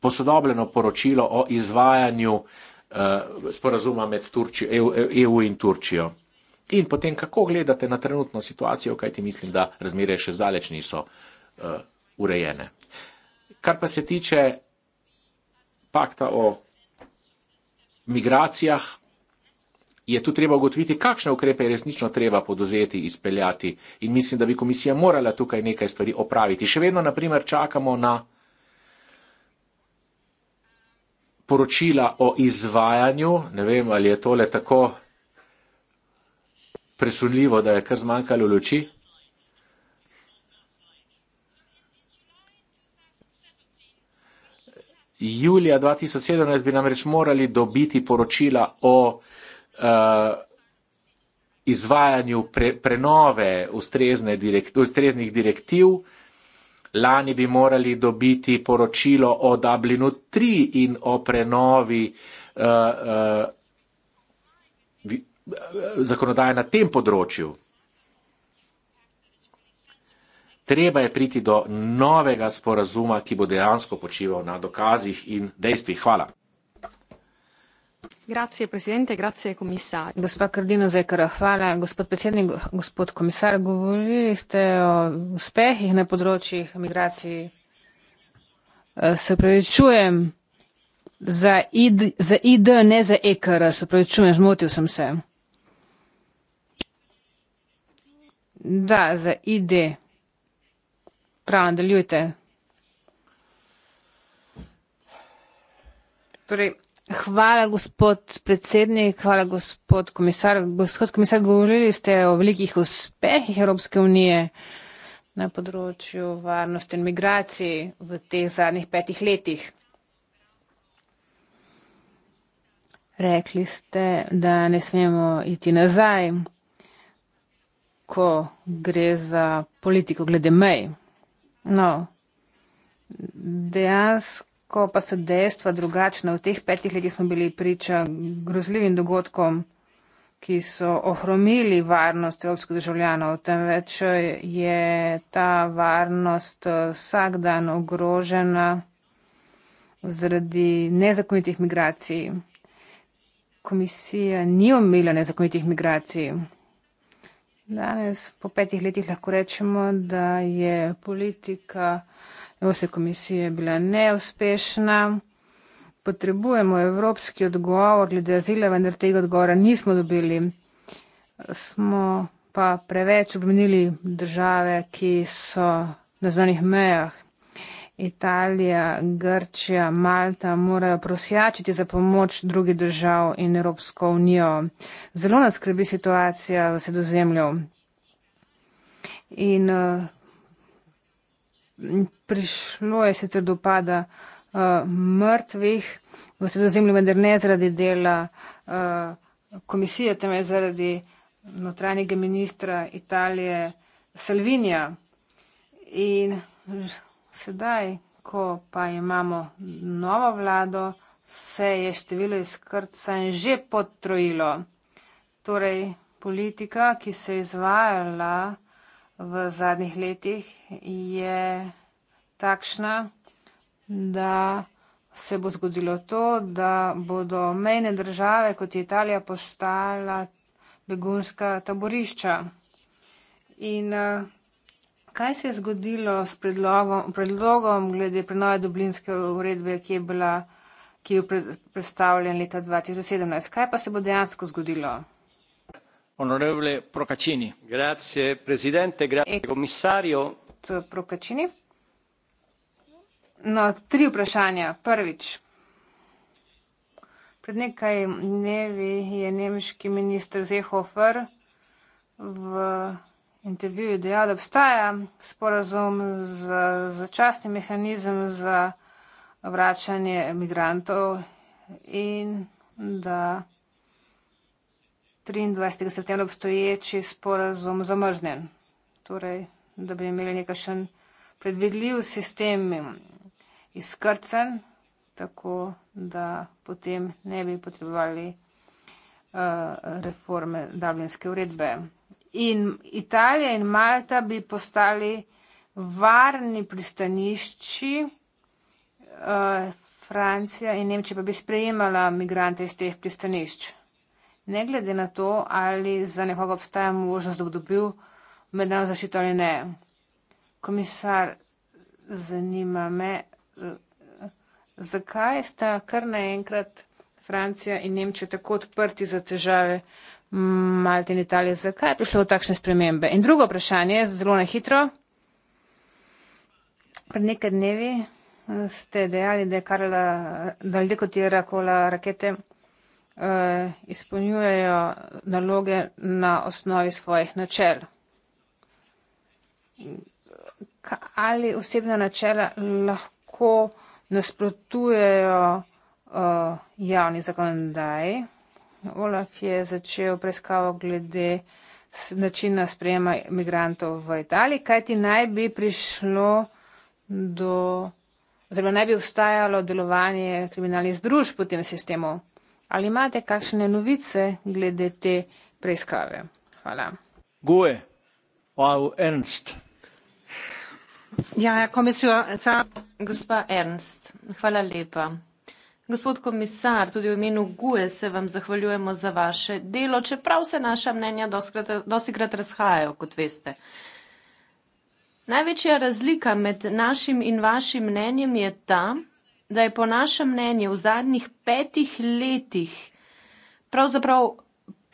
posodobljeno poročilo o izvajanju uh, sporazuma med Turči, EU, EU in Turčijo? In potem, kako gledate na trenutno situacijo, kaj ti mislim, da razmere še zdaleč niso uh, urejene. Kar pa se tiče pakta o migracijah, je tu treba ugotoviti, kakšne ukrepe je resnično treba podozeti, izpeljati. In mislim, da bi komisija morala tukaj nekaj stvari opraviti. Še vedno, naprimer, čakamo na poročila o izvajanju. Ne vem, ali je tole tako presunljivo, da je kar zmanjkalo luči. Julija 2017 bi namreč morali dobiti poročila o izvajanju. Eh, izvajanju pre, prenove direkt, ustreznih direktiv. Lani bi morali dobiti poročilo o Dublinu 3 in o prenovi uh, uh, zakonodaje na tem področju. Treba je priti do novega sporazuma, ki bo dejansko počival na dokazih in dejstvih. Hvala. Grazie presidente, grazie komisar. Gospa Kardino Zekara, hvala. Gospod predsednik, gospod komisar, govorili ste o uspehih na področjih migracij. Eh, se pravi, čujem za ID, za ID ne za EKR, se pravi, čujem, zmotil sem se. Da, za ID. Prav, nadaljujte. Torej, Hvala, gospod predsednik, hvala, gospod komisar. Gospod komisar, govorili ste o velikih uspehih Evropske unije na področju varnosti in migracij v teh zadnjih petih letih. Rekli ste, da ne smemo iti nazaj, ko gre za politiko glede mej. No, dejansko ko pa so dejstva drugačna. V teh petih letih smo bili priča grozljivim dogodkom, ki so ohromili varnost evropskih državljanov, temveč je ta varnost eh, vsak dan ogrožena zaradi nezakonitih migracij. Komisija ni omila nezakonitih migracij. Danes po petih letih lahko rečemo, da je politika. Evropske komisije je bila neuspešna. Potrebujemo evropski odgovor glede azila, vendar tega odgovora nismo dobili. Smo pa preveč obmenili države, ki so na zonih mejah. Italija, Grčija, Malta morajo prosjačiti za pomoč drugih držav in Evropsko unijo. Zelo nas skrbi situacija v sredozemlju. In uh, prišlo je sicer do pada uh, eh, mrtvih v sredozemlju, vendar ne zaradi dela uh, komisije, temveč zaradi notranjega ministra Italije Salvinija. In sedaj, ko pa imamo novo vlado, se je število izkrcanj že potrojilo. Torej, politika, ki se je izvajala v zadnjih letih, je takšna, da se bo zgodilo to, da bodo mejne države kot Italija postala begunska taborišča. In eh, kaj se je zgodilo s predlogom, predlogom glede prenove dublinske uredbe, ki je bila, ki je predstavljen leta 2017? Kaj pa se bo dejansko zgodilo? signor presidente onorevoli e- colleghi gospod procaccini na no, tri vprašanja. prvič pred nekaj dnevi je nemški minister seehofer v intervjuju dejal da obstaja sporazum za začasni mehanizem za vračanje migrantov in da 23. septembra obstoječi sporazum zamrznjen, torej, da bi imeli nekakšen predvidljiv sistem mm, izkrcen, tako da potem ne bi potrebovali uh, reforme Dublinske uredbe. In Italija in Malta bi postali varni pristanišči, uh, Francija in Nemčija pa bi sprejemala migrante iz teh pristanišč ne glede na to, ali za nekoga obstaja možnost, da bo dobil mednarodno zaščito ali ne. Komisar, zanima me, eh, zakaj sta kar naenkrat Francija in Nemčija tako odprti za težave Malte in Italije? Zakaj je prišlo do takšne spremembe? In drugo vprašanje, zelo na hitro. Pred nekaj dnevi eh, ste dejali, da je Karla, da ljudje kotirajo kola rakete. Eh, izpolnjujejo naloge na osnovi svojih načel. Ali osebna načela lahko nasprotujejo uh, javni zakonodaji? Olaf je začel preiskavo glede načina sprejema imigrantov v Italiji, kajti naj bi prišlo do, oziroma naj bi obstajalo delovanje kriminalnih združb v tem sistemu. Ali imate kakšne novice glede te preiskave? Hvala. Gue, wow, Ernst. Ja, ja komisijo, ta gospa Ernst, hvala lepa. Gospod komisar, tudi v imenu GUE se vam zahvaljujemo za vaše delo, čeprav se naša mnenja dostikrat razhajajo, kot veste. Največja razlika med našim in vašim mnenjem je ta, da je po našem mnenju v zadnjih petih letih pravzaprav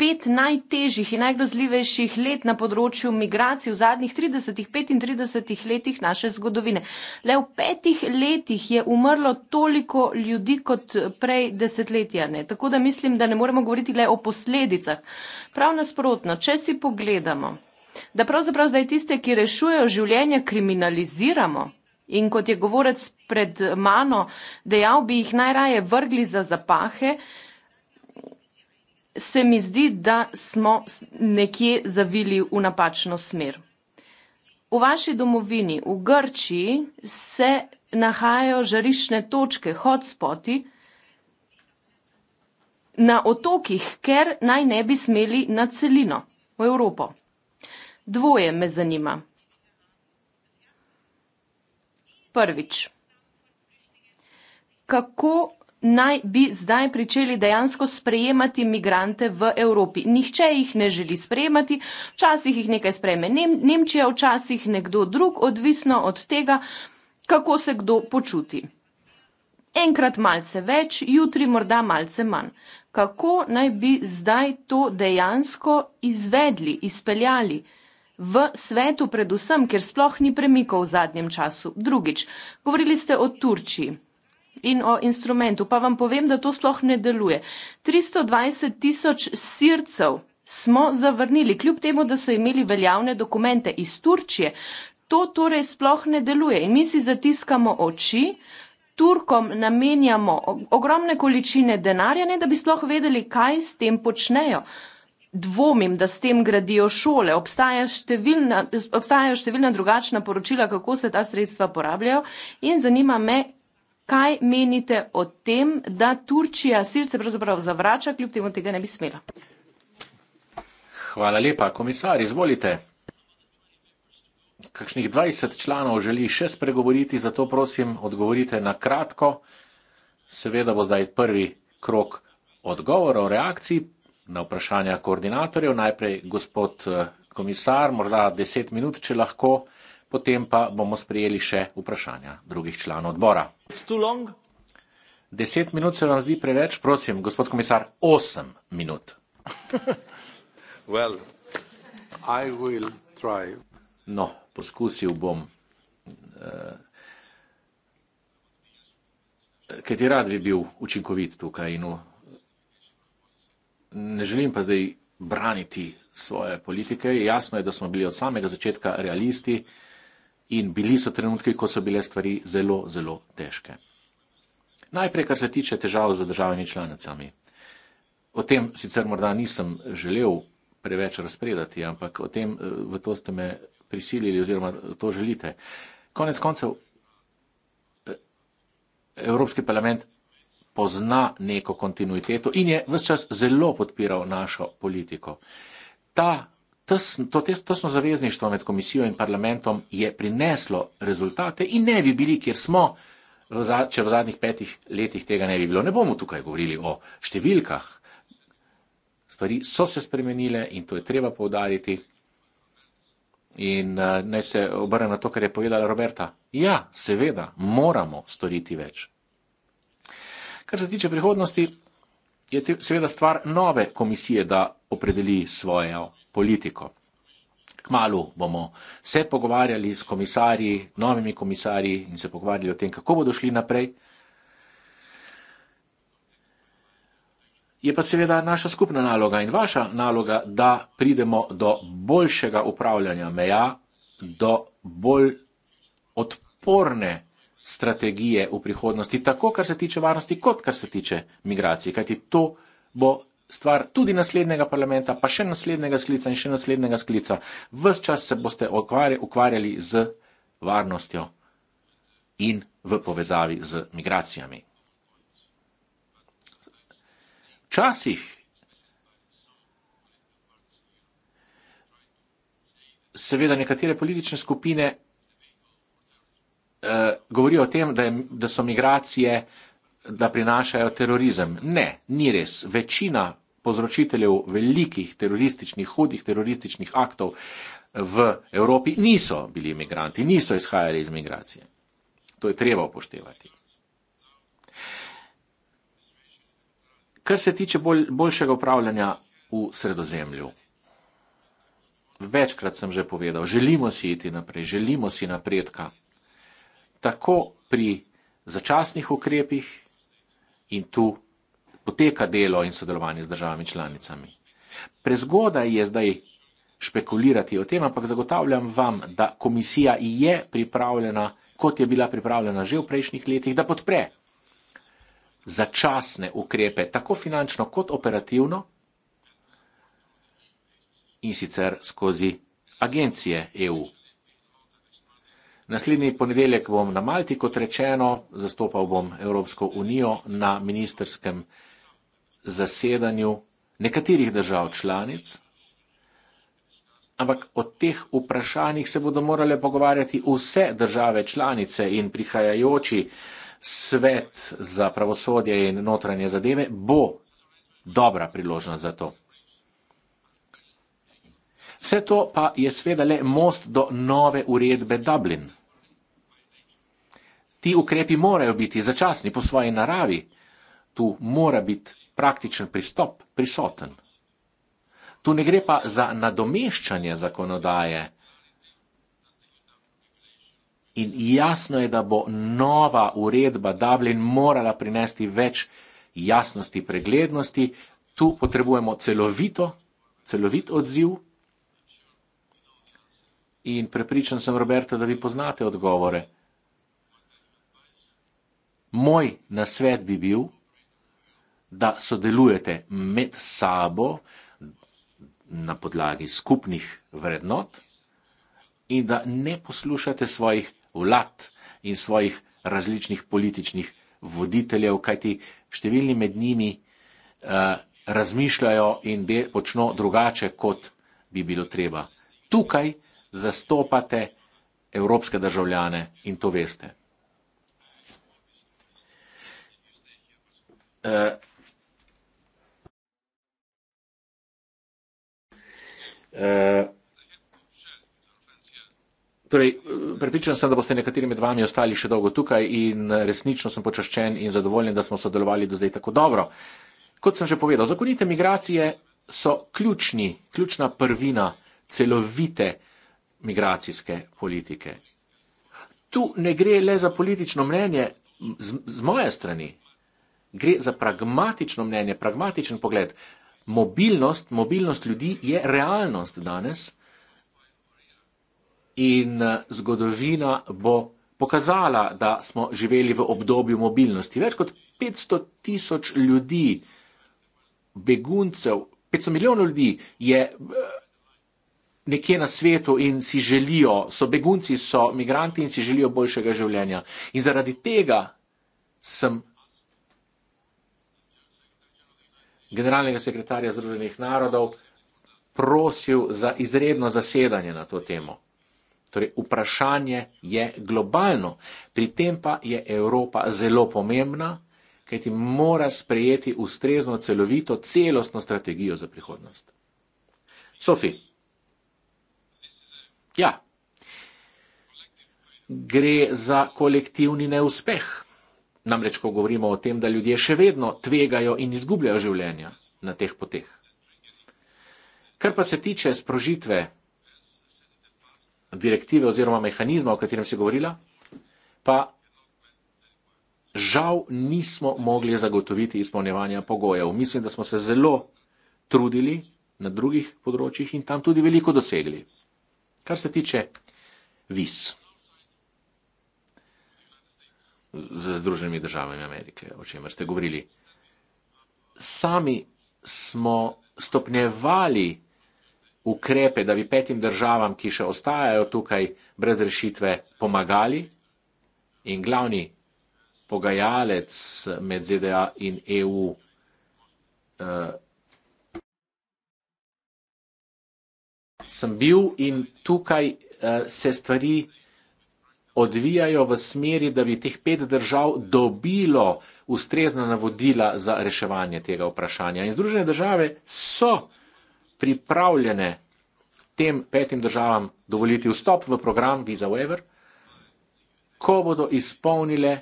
pet najtežjih in najgrozljivejših let na področju migracij v zadnjih 30-35 letih naše zgodovine. Le v petih letih je umrlo toliko ljudi kot prej desetletja, ne? tako da mislim, da ne moremo govoriti le o posledicah. Prav nasprotno, če si pogledamo, da pravzaprav zdaj tiste, ki rešujejo življenja, kriminaliziramo, In kot je govorec pred mano dejal, bi jih najraje vrgli za zapahe, se mi zdi, da smo nekje zavili v napačno smer. V vaši domovini, v Grčiji, se nahajajo žarišne točke, hotspoti na otokih, ker naj ne bi smeli na celino, v Evropo. Dvoje me zanima. Prvič, kako naj bi zdaj pričeli dejansko sprejemati migrante v Evropi. Nihče jih ne želi sprejemati, včasih jih nekaj sprejme Nem Nemčija, včasih nekdo drug, odvisno od tega, kako se kdo počuti. Enkrat malce več, jutri morda malce manj. Kako naj bi zdaj to dejansko izvedli, izpeljali? v svetu, predvsem, ker sploh ni premikov v zadnjem času. Drugič, govorili ste o Turčiji in o instrumentu, pa vam povem, da to sploh ne deluje. 320 tisoč sircev smo zavrnili, kljub temu, da so imeli veljavne dokumente iz Turčije. To torej sploh ne deluje in mi si zatiskamo oči. Turkom namenjamo ogromne količine denarja, ne da bi sploh vedeli, kaj s tem počnejo dvomim, da s tem gradijo šole. Obstaja številna, obstajajo številna drugačna poročila, kako se ta sredstva porabljajo in zanima me, kaj menite o tem, da Turčija sirce pravzaprav zavrača, kljub temu tega ne bi smela. Hvala lepa, komisar, izvolite. Kakšnih 20 članov želi še spregovoriti, zato prosim, odgovorite na kratko. Seveda bo zdaj prvi krok odgovorov, reakcij, na vprašanja koordinatorjev. Najprej gospod eh, komisar, morda deset minut, če lahko, potem pa bomo sprejeli še vprašanja drugih članov odbora. Deset minut se vam zdi preveč, prosim, gospod komisar, osem minut. well, no, poskusil bom. Eh, eh, Kaj ti rad bi bil učinkovit tukaj in v ne želim pa zdaj braniti svoje politike. Jasno je, da smo bili od samega začetka realisti in bili so trenutki, ko so bile stvari zelo, zelo težke. Najprej, kar se tiče težav z državami članicami. O tem sicer morda nisem želel preveč razpredati, ampak o tem eh, v to ste me prisilili oziroma to želite. Konec koncev, eh, Evropski parlament pozna neko kontinuiteto in je vse čas zelo podpiral našo politiko. Ta tesno, to tesno zavezništvo med komisijo in parlamentom je prineslo rezultate in ne bi bili, kjer smo, če v zadnjih petih letih tega ne bi bilo. Ne bomo tukaj govorili o številkah. Stvari so se spremenile in to je treba povdariti. In uh, naj se obrne na to, kar je povedala Roberta. Ja, seveda, moramo storiti več. Kar se tiče prihodnosti, je te, seveda stvar nove komisije, da opredeli svojo politiko. Kmalo bomo se pogovarjali s komisarji, novimi komisarji in se pogovarjali o tem, kako bodo šli naprej. Je pa seveda naša skupna naloga in vaša naloga, da pridemo do boljšega upravljanja meja, do bolj odporne strategije v prihodnosti, tako kar se tiče varnosti, kot kar se tiče migracije. Kajti to bo stvar tudi naslednjega parlamenta, pa še naslednjega sklica in še naslednjega sklica. Ves čas se boste ukvarjali z varnostjo in v povezavi z migracijami. Včasih seveda nekatere politične skupine Eh, govorijo o tem, da, je, da so migracije, da prinašajo terorizem. Ne, ni res. Večina povzročiteljev velikih terorističnih, hudih terorističnih aktov eh, v Evropi niso bili imigranti, niso izhajali iz migracije. To je treba upoštevati. Kar se tiče bolj, boljšega upravljanja v sredozemlju, večkrat sem že povedal, želimo si iti naprej, želimo si napredka, tako pri začasnih ukrepih in tu poteka delo in sodelovanje z državami članicami. Prezgodaj je zdaj špekulirati o tem, ampak zagotavljam vam, da komisija je pripravljena, kot je bila pripravljena že v prejšnjih letih, da podpre začasne ukrepe, tako finančno kot operativno, in sicer skozi agencije EU. Naslednji ponedeljek bom na Malti, kot rečeno, zastopal bom Evropsko unijo na ministerskem zasedanju nekaterih držav članic, ampak o teh vprašanjih se bodo morale pogovarjati vse države članice in prihajajoči svet za pravosodje in notranje zadeve bo dobra priložnost za to. Vse to pa je sveda le most do nove uredbe Dublin. Ti ukrepi morajo biti začasni po svoji naravi. Tu mora biti praktičen pristop prisoten. Tu ne gre pa za nadomeščanje zakonodaje. In jasno je, da bo nova uredba Dublin morala prinesti več jasnosti, preglednosti. Tu potrebujemo celovito, celovit odziv. In prepričan sem, Roberta, da vi poznate odgovore. Moj nasvet bi bil, da sodelujete med sabo na podlagi skupnih vrednot in da ne poslušate svojih vlad in svojih različnih političnih voditeljev, kajti številni med njimi uh, razmišljajo in de, počno drugače, kot bi bilo treba. Tukaj zastopate evropske državljane in to veste. Eh, eh, torej, prepričan sem, da boste nekateri med vami ostali še dolgo tukaj in resnično sem počaščen in zadovoljen, da smo sodelovali do zdaj tako dobro. Kot sem že povedal, zakonite migracije so ključni, ključna prvina celovite migracijske politike. Tu ne gre le za politično mnenje z, z moje strani, gre za pragmatično mnenje, pragmatičen pogled. Mobilnost, mobilnost ljudi je realnost danes in eh, zgodovina bo pokazala, da smo živeli v obdobju mobilnosti. Več kot 500 tisoč ljudi, beguncev, 500 milijonov ljudi je eh, nekje na svetu in si želijo, so begunci, so migranti in si želijo boljšega življenja. In zaradi tega sem generalnega sekretarja Združenih narodov prosil za izredno zasedanje na to temo. Torej, vprašanje je globalno, pri tem pa je Evropa zelo pomembna, kajti mora sprejeti ustrezno, celovito, celostno strategijo za prihodnost. Sofi. Ja. Gre za kolektivni neuspeh. Namreč, ko govorimo o tem, da ljudje še vedno tvegajo in izgubljajo življenja na teh poteh. Kar pa se tiče sprožitve direktive oziroma mehanizma, o katerem si govorila, pa žal nismo mogli zagotoviti izpolnjevanja pogojev. Mislim, da smo se zelo trudili na drugih področjih in tam tudi veliko dosegli. Kar se tiče vis z Združenimi državami Amerike, o čemer ste govorili. Sami smo stopnjevali ukrepe, da bi petim državam, ki še ostajajo tukaj brez rešitve, pomagali, in glavni pogajalec med ZDA in EU. Uh, eh, Sem bil in tukaj uh, se stvari odvijajo v smeri, da bi teh pet držav dobilo ustrezna navodila za reševanje tega vprašanja. In Združene države so pripravljene tem petim državam dovoliti vstop v program Visa Waiver, ko bodo izpolnile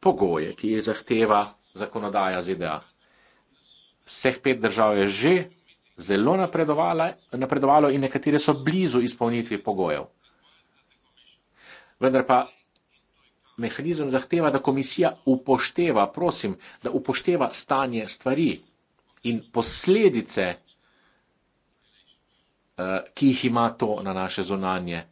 pogoje, ki jih zahteva zakonodaja ZDA. Vseh pet držav je že zelo napredovalo in nekatere so blizu izpolnitvi pogojev. Vendar pa mehanizem zahteva, da komisija upošteva, prosim, da upošteva stanje stvari in posledice, eh, ki jih ima to na naše zonanje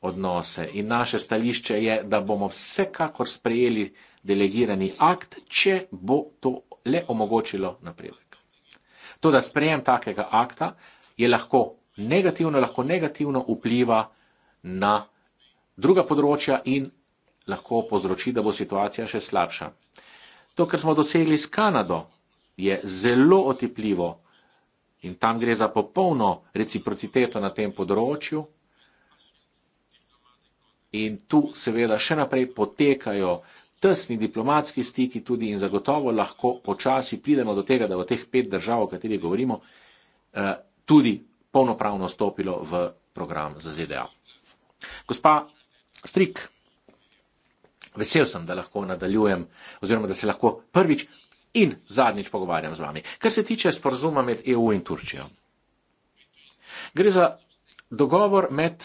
odnose. In naše stališče je, da bomo vsekakor sprejeli delegirani akt, če bo to le omogočilo napredek. To, da sprejem takega akta, je lahko negativno, lahko negativno vpliva na napredek druga področja in lahko povzroči, da bo situacija še slabša. To, kar smo dosegli s Kanado, je zelo otepljivo in tam gre za popolno reciprociteto na tem področju. In tu seveda še naprej potekajo tesni diplomatski stiki tudi in zagotovo lahko počasi pridemo do tega, da v teh pet držav, o katerih govorimo, eh, tudi polnopravno stopilo v program za ZDA. Gospa strik. Vesel sem, da lahko nadaljujem, oziroma da se lahko prvič in zadnjič pogovarjam z vami, kar se tiče sporazuma med EU in Turčijo. Gre za dogovor med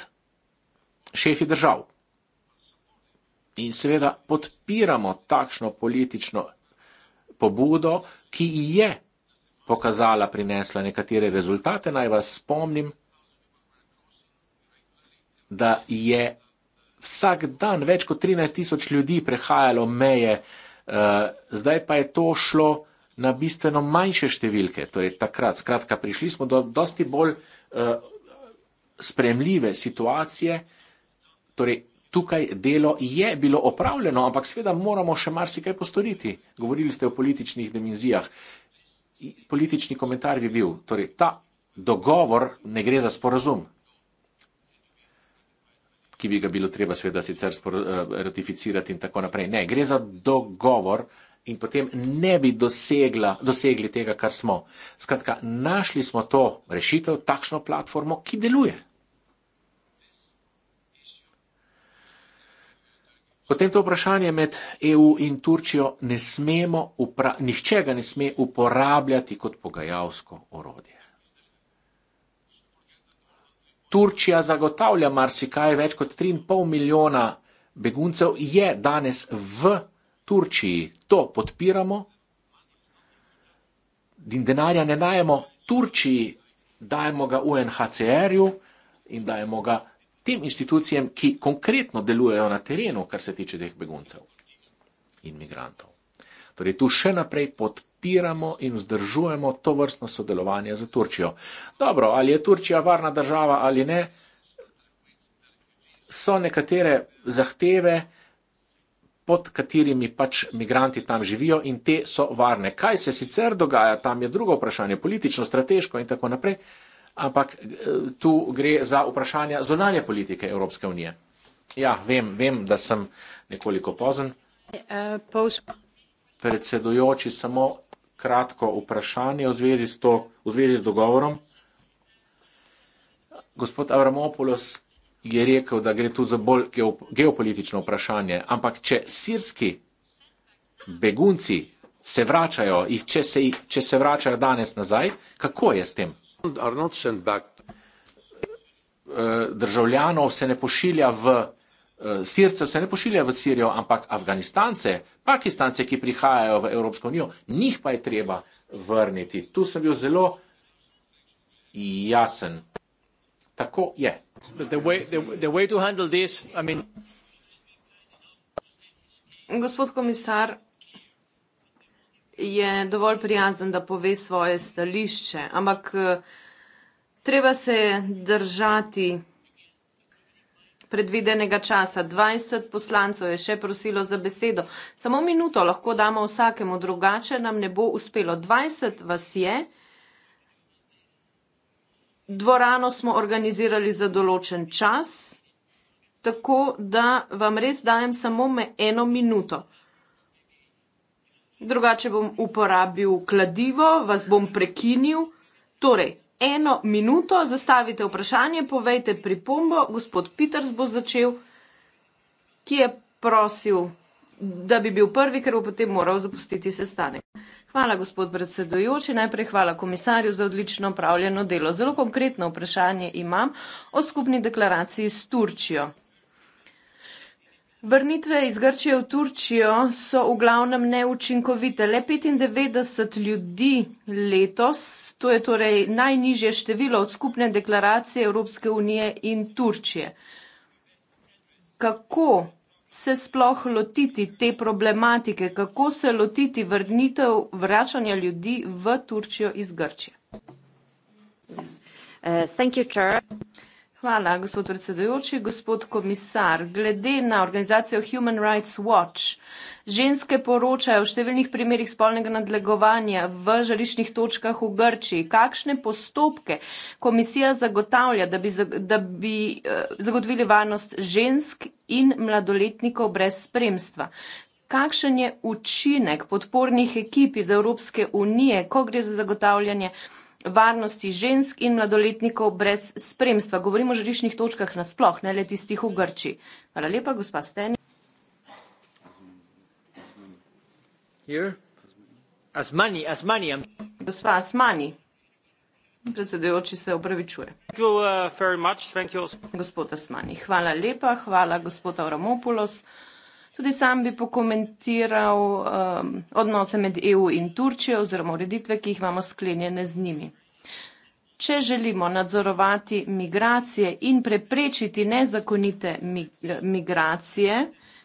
šefi držav. In seveda podpiramo takšno politično pobudo, ki je pokazala, prinesla nekatere rezultate. Naj vas spomnim, da je vsak dan več kot 13 tisoč ljudi prehajalo meje, eh, zdaj pa je to šlo na bistveno manjše številke. Torej, takrat, skratka, prišli smo do dosti bolj eh, spremljive situacije. Torej, tukaj delo je bilo opravljeno, ampak seveda moramo še marsikaj postoriti. Govorili ste o političnih dimenzijah. Politični komentar bi bil, torej ta dogovor ne gre za sporazum, ki bi ga bilo treba seveda sicer eh, ratificirati in tako naprej. Ne, gre za dogovor in potem ne bi dosegla, dosegli tega, kar smo. Skratka, našli smo to rešitev, takšno platformo, ki deluje. Potem to vprašanje med EU in Turčijo ne smemo, upra, nihče ga ne sme uporabljati kot pogajalsko orodje. Turčija zagotavlja marsikaj, več kot 3,5 milijona beguncev je danes v Turčiji. To podpiramo in denarja ne dajemo Turčiji, dajemo ga UNHCR-ju in dajemo ga tem institucijam, ki konkretno delujejo na terenu, kar se tiče teh beguncev in migrantov. Torej, tu še naprej podpiramo in vzdržujemo to vrstno sodelovanje za Turčijo. Dobro, ali je Turčija varna država ali ne, so nekatere zahteve, pod katerimi pač migranti tam živijo in te so varne. Kaj se sicer dogaja tam, je drugo vprašanje, politično, strateško in tako naprej, ampak eh, tu gre za vprašanje zonalne politike Evropske unije. Ja, vem, vem, da sem nekoliko pozen. Uh, post predsedujoči, samo kratko vprašanje v zvezi s, to, v zvezi z dogovorom. Gospod Avramopoulos je rekel, da gre tu za bolj geopolitično vprašanje, ampak če sirski begunci se vračajo, če se, če se vračajo danes nazaj, kako je s tem? Eh, državljanov se ne pošilja v Eh, Sircev se ne pošilja v Sirijo, ampak Afganistance, Pakistance, ki prihajajo v Evropsko unijo, njih pa je treba vrniti. Tu sem bil zelo jasen. Tako je. The way, the, the way this, I mean... Gospod komisar je dovolj prijazen, da pove svoje stališče, ampak eh, treba se držati predvidenega časa. 20 poslancev je še prosilo za besedo. Samo minuto lahko damo vsakemu, drugače nam ne bo uspelo. 20 vas je. Dvorano smo organizirali za določen čas, tako da vam res dajem samo me eno minuto. Drugače bom uporabil kladivo, vas bom prekinil. Torej, eno minuto, zastavite vprašanje, povejte pripombo. Gospod Peters bo začel, ki je prosil, da bi bil prvi, ker bo potem moral zapustiti sestanek. Hvala, gospod predsedujoči. Najprej hvala komisarju za odlično upravljeno delo. Zelo konkretno vprašanje imam o skupni deklaraciji s Turčijo. Vrnitve iz Grčije v Turčijo so v glavnem neučinkovite. Le 95 ljudi letos, to je torej najnižje število od skupne deklaracije Evropske unije in Turčije. Kako se sploh lotiti te problematike, kako se lotiti vrnitev vračanja ljudi v Turčijo iz Grčije? Uh, Hvala, gospod predsedujoči. Gospod komisar, glede na organizacijo Human Rights Watch, ženske poročajo o številnih primerjih spolnega nadlegovanja v žariščnih točkah v Grčiji. Kakšne postopke komisija zagotavlja, da bi, da bi eh, zagotovili varnost žensk in mladoletnikov brez spremstva? Kakšen je učinek podpornih ekip iz Evropske unije, ko gre za zagotavljanje? varnosti žensk in mladoletnikov brez spremstva. Govorimo o žriščnih točkah nasploh, ne le tistih v Grči. Hvala lepa, gospa Steni. Asmani, Asmani. Gospa Asmani, predsedujoči se opravičuje. Uh, gospod Asmani, hvala lepa, hvala gospod Avramopoulos. Tudi sam bi pokomentiral um, odnose med EU in Turčijo oziroma ureditve, ki jih imamo sklenjene z njimi. Če želimo nadzorovati migracije in preprečiti nezakonite migracije,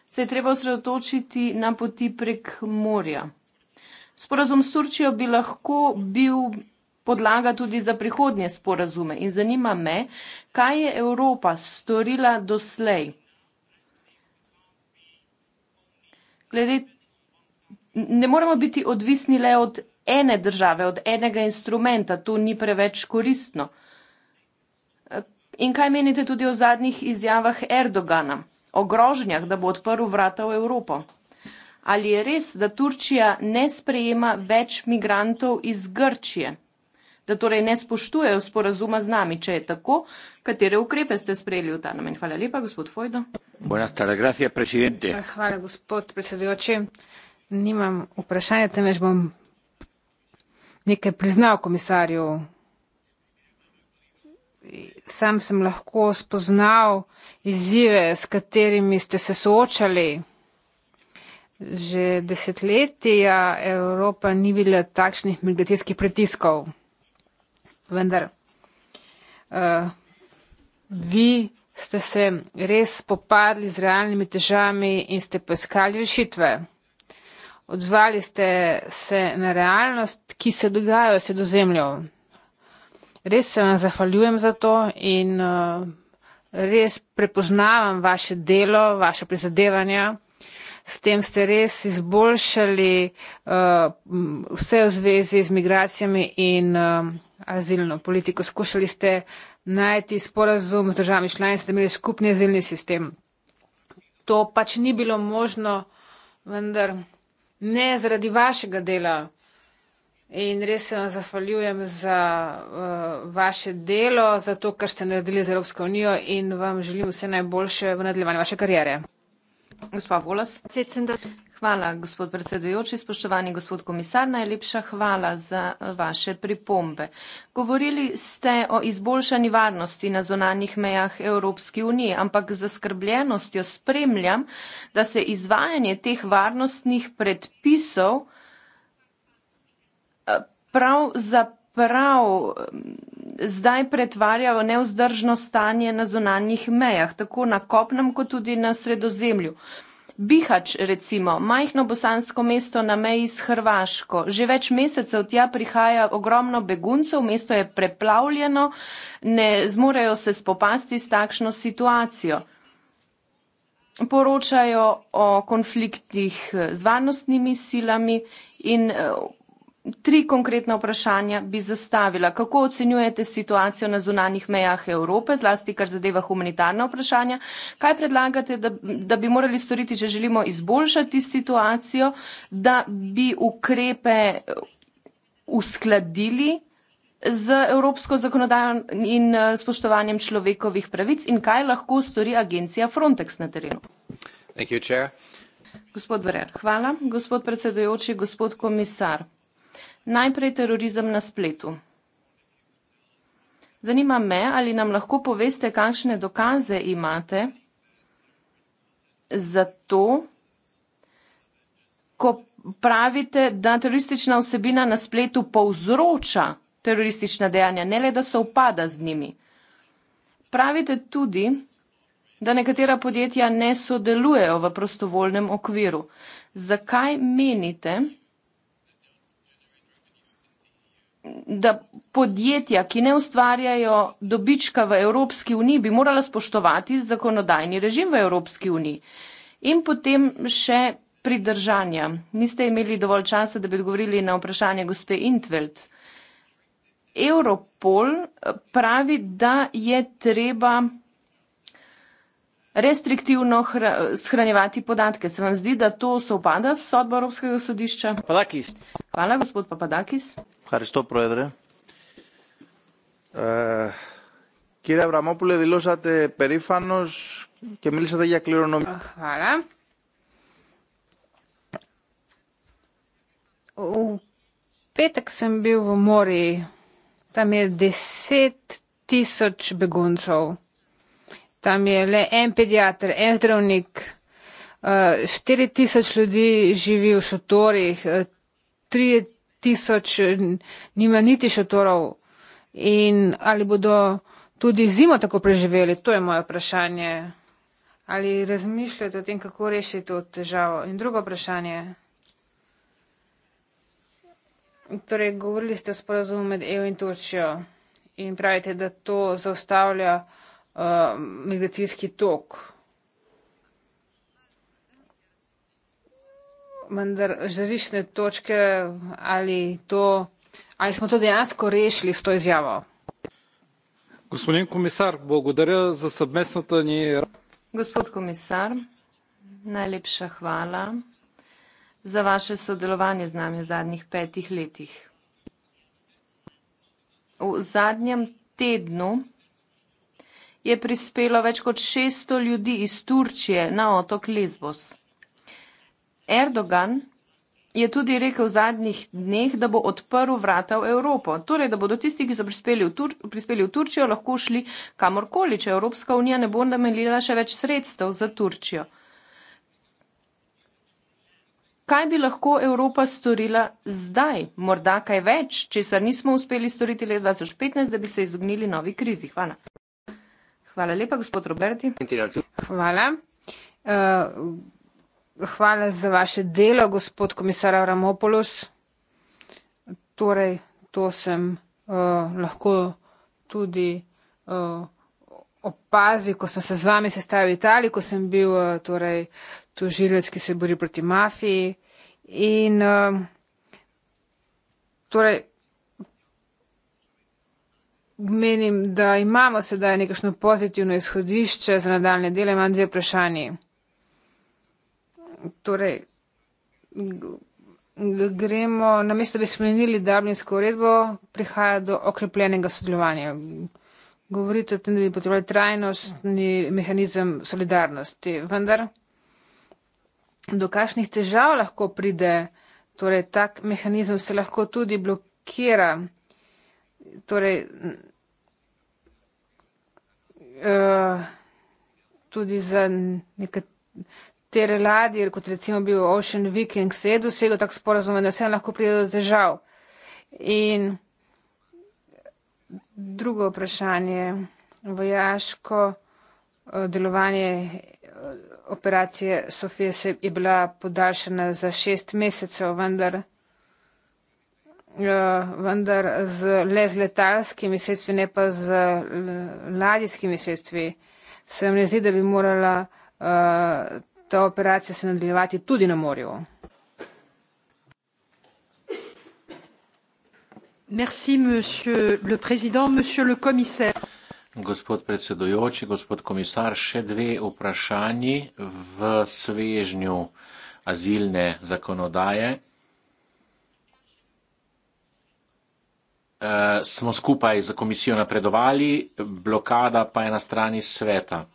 se je treba osredotočiti na poti prek morja. Sporazum s Turčijo bi lahko bil podlaga tudi za prihodnje sporazume in zanima me, kaj je Evropa storila doslej. glede, ne moramo biti odvisni le od ene države, od enega instrumenta, to ni preveč koristno. In kaj menite tudi o zadnjih izjavah Erdogana, o grožnjah, da bo odprl vrata v Evropo? Ali je res, da Turčija ne sprejema več migrantov iz Grčije? da torej ne spoštujejo sporazuma z nami. Če je tako, katere ukrepe ste sprejeli v ta namen? Hvala lepa, gospod Fojdo. Eh, hvala, gospod predsedujoči. Nimam vprašanja, temveč bom nekaj priznal komisarju. Sam sem lahko spoznal izzive, s katerimi ste se soočali. Že desetletja Evropa ni bila takšnih migracijskih pritiskov vendar uh, vi ste se res spopadli z realnimi težavami in ste poiskali rešitve. Odzvali ste se na realnost, ki se dogaja v sredozemlju. Res se vam zahvaljujem za to in uh, res prepoznavam vaše delo, vaše prizadevanja. S tem ste res izboljšali uh, vse v zvezi z migracijami in uh, azilno politiko. Skušali ste najti sporazum z državami članic, da imeli skupni azilni sistem. To pač ni bilo možno, vendar ne zaradi vašega dela. In res se vam zahvaljujem za uh, vaše delo, za to, kar ste naredili za Evropsko unijo in vam želim vse najboljše v nadaljevanju vaše karijere. Gospa Volas. Hvala, gospod predsedujoči. Spoštovani gospod komisar, najlepša hvala za eh, vaše pripombe. Govorili ste o izboljšanji varnosti na zonanjih mejah Evropske unije, ampak z zaskrbljenostjo spremljam, da se izvajanje teh varnostnih predpisov prav za prav zdaj pretvarja v neuzdržno stanje na zonanjih mejah, tako na kopnem kot tudi na sredozemlju. Bihač, recimo, majhno bosansko mesto na meji s Hrvaško. Že več mesecev tja prihaja ogromno beguncev, mesto je preplavljeno, ne zmorejo se spopasti s takšno situacijo. Poročajo o konfliktih z varnostnimi silami in eh, tri konkretna vprašanja bi zastavila. Kako ocenjujete situacijo na zunanjih mejah Evrope, zlasti kar zadeva humanitarna vprašanja? Kaj predlagate, da, da bi morali storiti, če želimo izboljšati situacijo, da bi ukrepe uh, uskladili z evropsko zakonodajo in uh, spoštovanjem človekovih pravic in kaj lahko stori agencija Frontex na terenu? You, gospod Brer, hvala. Gospod predsedujoči, gospod komisar. Najprej terorizem na spletu. Zanima me, ali nam lahko poveste, kakšne dokaze imate za to, ko pravite, da teroristična vsebina na spletu povzroča teroristična dejanja, ne le, da se upada z njimi. Pravite tudi, da nekatera podjetja ne sodelujejo v prostovoljnem okviru. Zakaj menite, da? da podjetja, ki ne ustvarjajo dobička v Evropski uniji, bi morala spoštovati zakonodajni režim v Evropski uniji. In potem še pridržanja. Niste imeli dovolj časa, da bi odgovorili na vprašanje gospe Intveld. Europol eh, pravi, da je treba restriktivno shranjevati podatke. Se vam zdi, da to se upada s sodbo Evropskega sodišča? Papadakis. Hvala, gospod Papadakis. Hvala, gospod Papadakis. Hvala. V petek sem bil v mori, tam je deset tisoč beguncov. Tam je le en pediatr, en zdravnik, 4000 eh, ljudi živi v šotorih, 3000 eh, eh, nima niti šotorov. In ali bodo tudi zimo tako preživeli, to je moje vprašanje. Ali razmišljate o tem, kako rešiti to težavo? In drugo vprašanje. Torej, govorili ste o sporazumu med EU in Turčijo in pravite, da to zaustavlja uh, migracijski tok. Vendar žarišne točke, ali, to, ali smo to dejansko rešili s to izjavo? Gospodin komisar, bogodarja za sobmestnata ni. Gospod komisar, najlepša hvala za vaše sodelovanje z nami v zadnjih petih letih. V zadnjem tednu je prispelo več kot 600 ljudi iz Turčije na otok Lesbos. Erdogan je tudi rekel v zadnjih dneh, da bo odprl vrata v Evropo. Torej, da bodo tisti, ki so prispeli v, Tur prispeli v Turčijo, lahko šli kamorkoli, če Evropska unija ne bo namenila še več sredstev za Turčijo. Kaj bi lahko Evropa storila zdaj? Morda kaj več, če se nismo uspeli storiti leta 2015, da bi se izognili novi krizi? Hvala. Hvala lepa, gospod Roberti. Hvala. Eh, hvala za vaše delo, gospod komisar Ramopolos. Torej, to sem eh, lahko tudi eh, opazil, ko sem se z vami sestavil v Italiji, ko sem bil torej, tožilec, ki se bori proti mafiji. In, torej, menim, da imamo sedaj nekakšno pozitivno izhodišče za nadaljne dele, imam dve vprašanji. Torej, gremo, namesto bi spremenili Dublinsko uredbo, prihaja do okrepljenega sodelovanja. Govorite o tem, da bi potrebovali trajnostni mehanizem solidarnosti, vendar do kakšnih težav lahko pride, torej tak mehanizem se lahko tudi blokira. Torej, Eh, tudi za nekatere ladje, kot recimo bil Ocean Viking, se je dosegel tak sporazum, da vse lahko pride do težav. In drugo vprašanje, vojaško eh, delovanje eh, operacije Sofije je bila podaljšana za šest mesecev, vendar Eh, vendar z, le z letalskimi sredstvi, ne pa z ladijskimi sredstvi, se mi zdi, da bi morala uh, ta operacija se nadaljevati tudi na morju. Merci, le le gospod predsedujoči, gospod komisar, še dve vprašanji v svežnju azilne zakonodaje. uh, smo skupaj za komisijo napredovali, blokada pa je na strani sveta.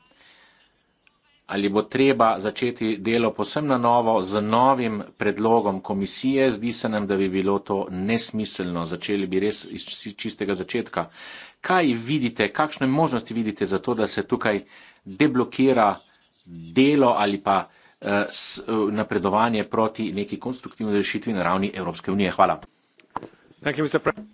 Ali bo treba začeti delo posebno na novo z novim predlogom komisije? Zdi se nam, da bi bilo to nesmiselno. Začeli bi res iz čistega začetka. Kaj vidite, kakšne možnosti vidite za to, da se tukaj deblokira delo ali pa eh, s, eh, napredovanje proti neki konstruktivni rešitvi na ravni Evropske unije? Hvala. Thank you, Mr. President.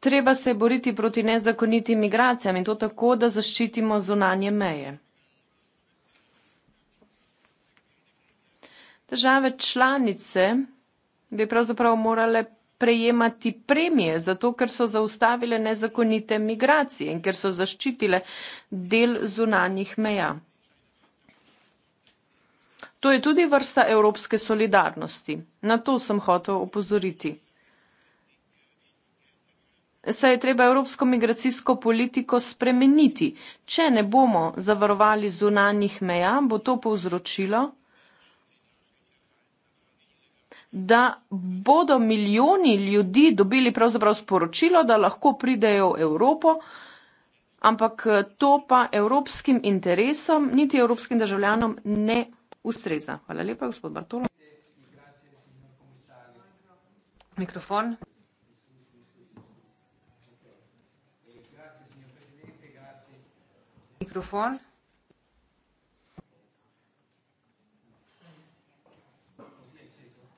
Treba se je boriti proti nezakonitim migracijam in to tako, da zaščitimo zunanje meje. Države članice bi pravzaprav morale prejemati premije, zato ker so zaustavile nezakonite migracije in ker so zaščitile del zunanjih meja. To je tudi vrsta evropske solidarnosti. Na to sem hotel opozoriti saj je treba evropsko migracijsko politiko spremeniti. Če ne bomo zavarovali zunanjih meja, bo to povzročilo, da bodo milijoni ljudi dobili pravzaprav sporočilo, da lahko pridejo v Evropo, ampak eh, to pa evropskim interesom, niti evropskim državljanom ne ustreza. Hvala lepa, gospod Bartolo. Mikrofon. mikrofon.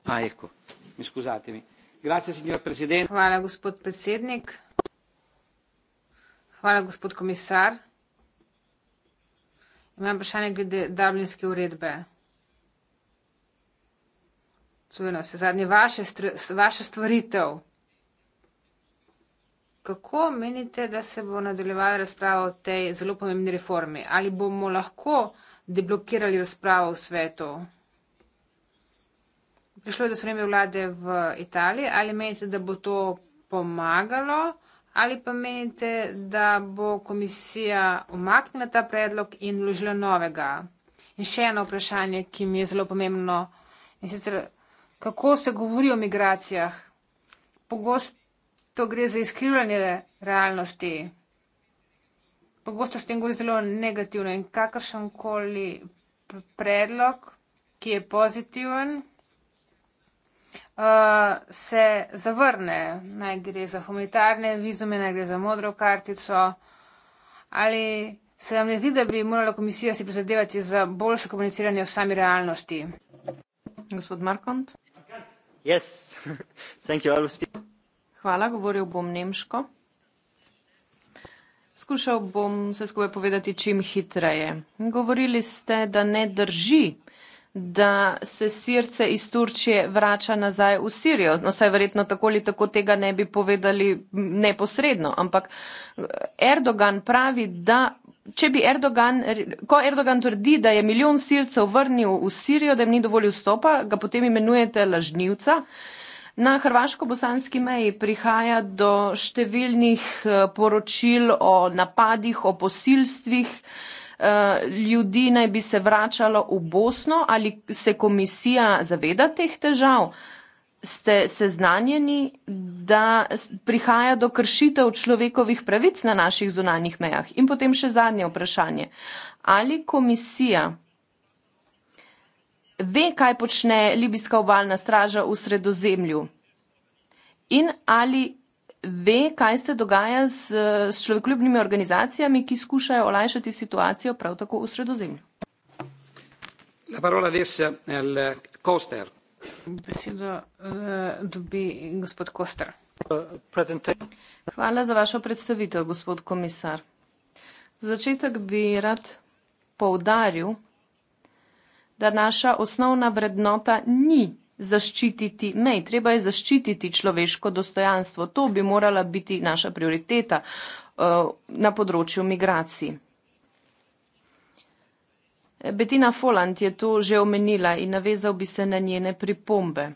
Ah, ecco. Mi scusatemi. Grazie, signor Presidente. Hvala, gospod predsednik. Hvala, gospod komisar. Imam vprašanje glede Dublinske uredbe. To je na vse zadnje vaše, vaše stvaritev. Kako menite, da se bo nadaljevala razprava o tej zelo pomembni reformi? Ali bomo lahko deblokirali razpravo v svetu? Prišlo je do sprememb vlade v Italiji. Ali menite, da bo to pomagalo? Ali pa menite, da bo komisija umaknila ta predlog in vložila novega? In še eno vprašanje, ki mi je zelo pomembno. In sicer, kako se govori o migracijah? Pogosto to gre za izkrivljanje realnosti. Pogosto s tem govori zelo negativno in kakršen koli predlog, ki je pozitiven, uh, se zavrne. Naj gre za humanitarne vizume, naj gre za modro kartico. Ali se vam ne zdi, da bi morala komisija si prizadevati za boljše komuniciranje v sami realnosti? Gospod Markont? Yes, thank you all for speaking. Hvala, govoril bom nemško. Skušal bom vse skupaj povedati čim hitreje. Govorili ste, da ne drži, da se sirce iz Turčije vrača nazaj v Sirijo. No, saj verjetno tako ali tako tega ne bi povedali neposredno, ampak eh, Erdogan pravi, da. Če bi Erdogan, ko Erdogan trdi, da je milijon sircev vrnil v Sirijo, da jim ni dovolj vstopa, ga potem imenujete lažnivca. Uh, Na hrvaško-bosanski meji prihaja do številnih eh, poročil o napadih, o posilstvih. Eh, ljudi naj bi se vračalo v Bosno, ali se komisija zaveda teh težav? Ste seznanjeni, da prihaja do kršitev človekovih pravic na naših zunanjih mejah? In potem še zadnje vprašanje. Ali komisija ve, kaj počne libijska obalna straža v sredozemlju in ali ve, kaj se dogaja z, z človekoljubnimi organizacijami, ki skušajo olajšati situacijo prav tako v sredozemlju. Besedo eh, dobi gospod Koster. Hvala za vašo predstavitev, gospod komisar. Za začetek bi rad poudaril, da naša osnovna vrednota ni zaščititi mej, treba je zaščititi človeško dostojanstvo. To bi morala biti naša prioriteta eh, na področju migracij. Betina Foland je to že omenila in navezal bi se na njene pripombe.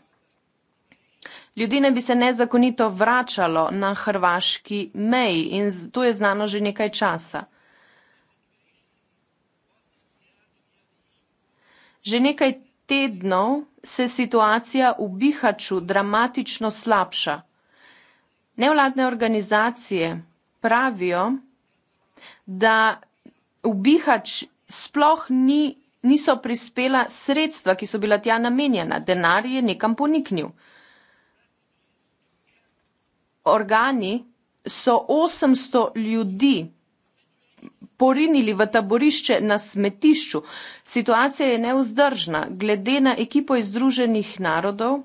Ljudje ne bi se nezakonito vračalo na hrvaški meji in to je znano že nekaj časa. Že nekaj tednov se situacija v Bihaču dramatično slabša. Nevladne organizacije pravijo, da v Bihač sploh ni, niso prispela sredstva, ki so bila tja namenjena, denar je nekam poniknil. Organi so 800 ljudi porinili v taborišče na smetišču. Situacija je neuzdržna, glede na ekipo iz Združenih narodov.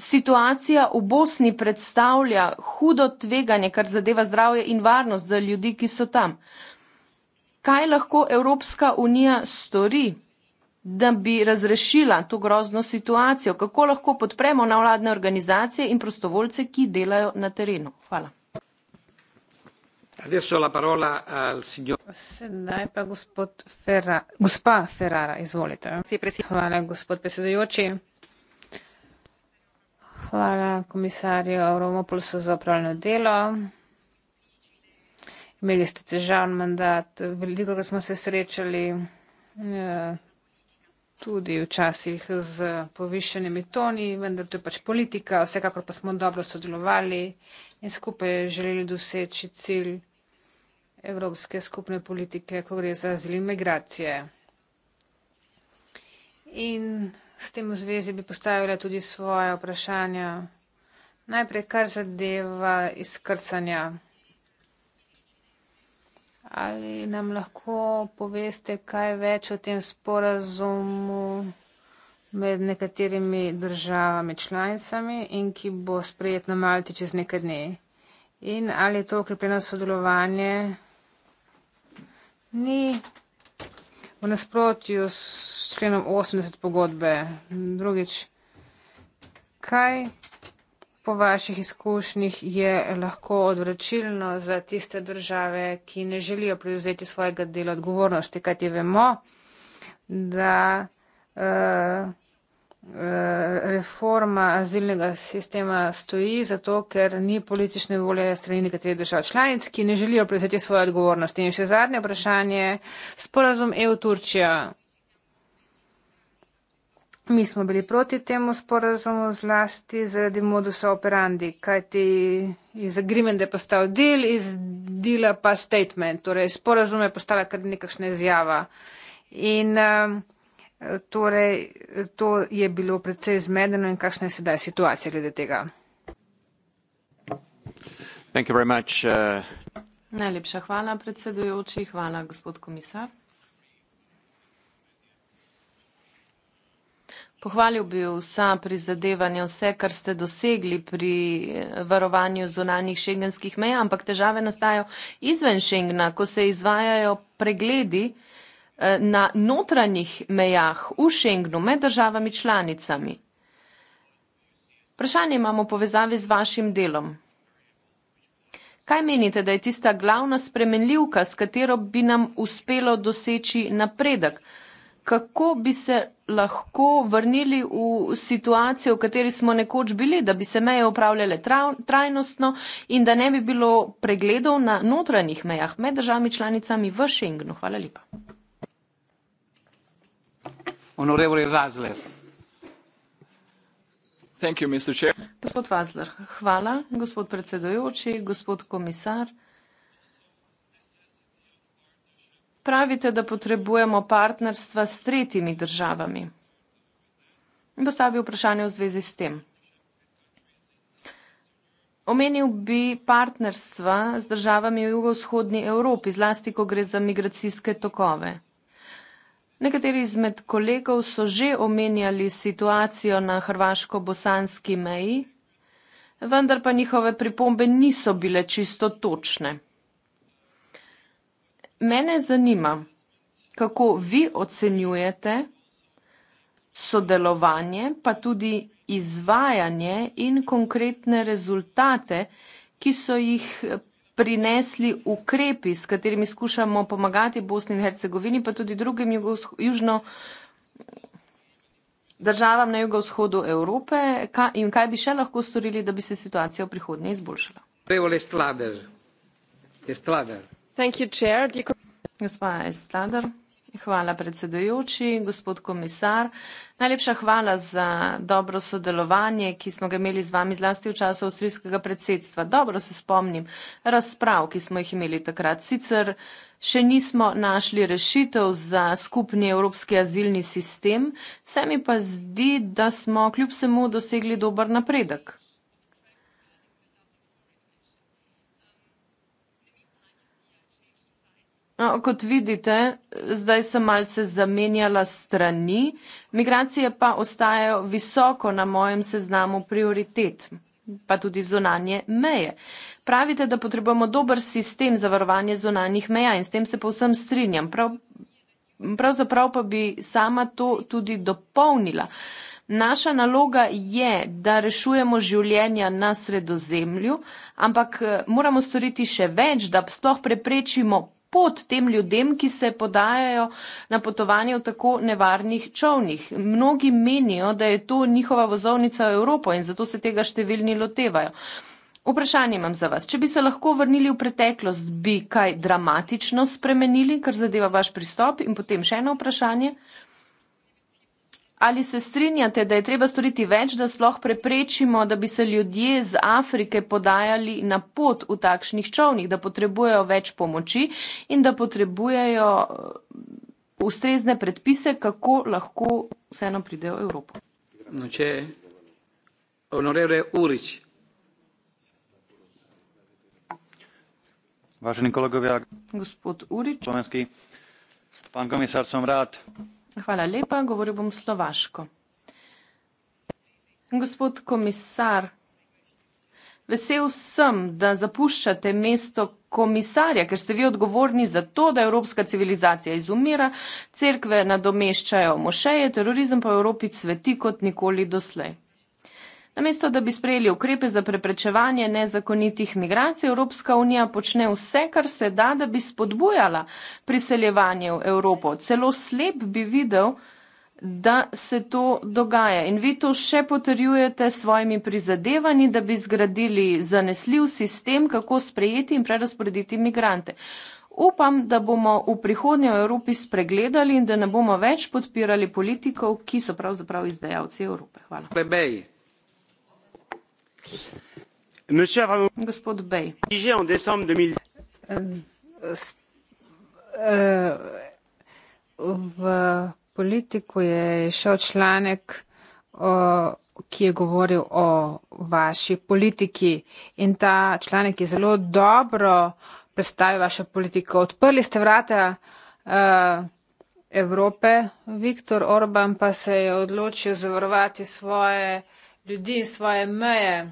Situacija v Bosni predstavlja hudo tveganje, kar zadeva zdravje in varnost za ljudi, ki so tam. Kaj lahko Evropska unija stori? da bi razrešila to grozno situacijo? Kako lahko podpremo navladne organizacije in prostovoljce, ki delajo na terenu? Hvala. Sedaj pa gospod Ferra, gospa Ferrara, izvolite. Hvala, gospod predsedujoči. Hvala komisarju Romopulsu za upravljeno delo. Imeli ste težavn mandat, veliko smo se srečali, eh, tudi včasih z povišenimi toni, vendar to je pač politika, vsekakor pa smo dobro sodelovali in skupaj želeli doseči cilj evropske skupne politike, ko gre za zelo imigracije. In s tem v zvezi bi postavila tudi svoje vprašanja. Najprej, kar zadeva izkrcanja. Ali nam lahko poveste kaj več o tem sporazumu med nekaterimi državami članicami in ki bo sprejet na Malti čez nekaj dni? In ali je to okrepljeno sodelovanje? Ni v nasprotju s členom 80 pogodbe. Drugič, kaj po vaših izkušnjih je lahko odvračilno za tiste države, ki ne želijo prevzeti svojega dela odgovornosti, kajti vemo, da uh, reforma azilnega sistema stoji zato, ker ni politične volje strani nekaterih držav članic, ki ne želijo prevzeti svoje odgovornosti. In še zadnje vprašanje, sporazum EU-Turčija, Mi smo bili proti temu sporazumu zlasti zaradi modusa operandi, kajti iz agreementa je postal del, iz dela pa statement, torej sporazum je postala kar nekakšna izjava. In um, torej to je bilo predvsej zmedeno in kakšna je sedaj situacija glede tega. Much, uh... Najlepša hvala predsedujoči, hvala gospod komisar. Pohvalil bi vsa prizadevanja, vse, kar ste dosegli pri varovanju zunanjih šengenskih meja, ampak težave nastajajo izven šengna, ko se izvajajo pregledi eh, na notranjih mejah v šengnu med državami članicami. Vprašanje imamo povezavi z vašim delom. Kaj menite, da je tista glavna spremenljivka, s katero bi nam uspelo doseči napredek? kako bi se lahko vrnili v situacijo, v kateri smo nekoč bili, da bi se meje upravljale trajnostno in da ne bi bilo pregledov na notranjih mejah med državami članicami v Schengenu. Hvala lepa. Gospod Vazler, hvala, gospod predsedujoči, gospod komisar. Pravite, da potrebujemo partnerstva s tretjimi državami. In postavil vprašanje v zvezi s tem. Omenil bi partnerstva z državami v jugovzhodni Evropi, zlasti, ko gre za migracijske tokove. Nekateri izmed kolegov so že omenjali situacijo na hrvaško-bosanski meji, vendar pa njihove pripombe niso bile čisto točne mene zanima, kako vi ocenjujete sodelovanje, pa tudi izvajanje in konkretne rezultate, ki so jih prinesli ukrepi, s katerimi skušamo pomagati Bosni in Hercegovini, pa tudi drugim južno državam na jugovzhodu Evrope in kaj bi še lahko storili, da bi se situacija v prihodnje izboljšala. Prevo je stvar, da je stvar. Gospa Estlader, hvala predsedujoči, gospod komisar. Najlepša hvala za dobro sodelovanje, ki smo ga imeli z vami zlasti v času avstrijskega predsedstva. Dobro se spomnim razprav, ki smo jih imeli takrat. Sicer še nismo našli rešitev za skupni evropski azilni sistem, se mi pa zdi, da smo kljub vsemu dosegli dober napredek. No, kot vidite, zdaj sem malce zamenjala strani, migracije pa ostajajo visoko na mojem seznamu prioritet, pa tudi zunanje meje. Pravite, da potrebujemo dober sistem za varovanje zunanjih meja in s tem se povsem strinjam. Prav, pravzaprav pa bi sama to tudi dopolnila. Naša naloga je, da rešujemo življenja na sredozemlju, ampak eh, moramo storiti še več, da sploh preprečimo pot tem ljudem, ki se podajajo na potovanje v tako nevarnih čovnih. Mnogi menijo, da je to njihova vozovnica v Evropo in zato se tega številni lotevajo. Vprašanje imam za vas. Če bi se lahko vrnili v preteklost, bi kaj dramatično spremenili, kar zadeva vaš pristop? In potem še eno vprašanje. Ali se strinjate, da je treba storiti več, da sploh preprečimo, da bi se ljudje z Afrike podajali na pot v takšnih čovnih, da potrebujejo več pomoči in da potrebujejo eh, ustrezne predpise, kako lahko vseeno pridejo v Evropo? No, če honorere Urič. Vaš nekolega Vjak. Gospod Urič. Slovenski. Pan komisar, sem rad. Hvala lepa. Govoril bom slovaško. Gospod komisar, vesel sem, da zapuščate mesto komisarja, ker ste vi odgovorni za to, da evropska civilizacija izumira, cerkve nadomeščajo mošeje, terorizem pa v Evropi cveti kot nikoli doslej. Namesto, da bi sprejeli ukrepe za preprečevanje nezakonitih migracij, Evropska unija počne vse, kar se da, da bi spodbujala priseljevanje v Evropo. Celo slep bi videl, da se to dogaja. In vi to še potrjujete s svojimi prizadevanji, da bi zgradili zanesljiv sistem, kako sprejeti in prerasporediti migrante. Upam, da bomo v prihodnje v Evropi spregledali in da ne bomo več podpirali politikov, ki so pravzaprav izdajalci Evrope. Hvala. Bebej monsieur avramopoulos figé en décembre deux mille. Euh, euh, v politiku je izšel članek ki je govoril o vaši politiki in ta članek je zelo dobro predstavil vašo politiko. Odprli ste vrata uh, Evrope, Viktor Orban pa se je odločil zavarovati svoje ljudi in svoje meje.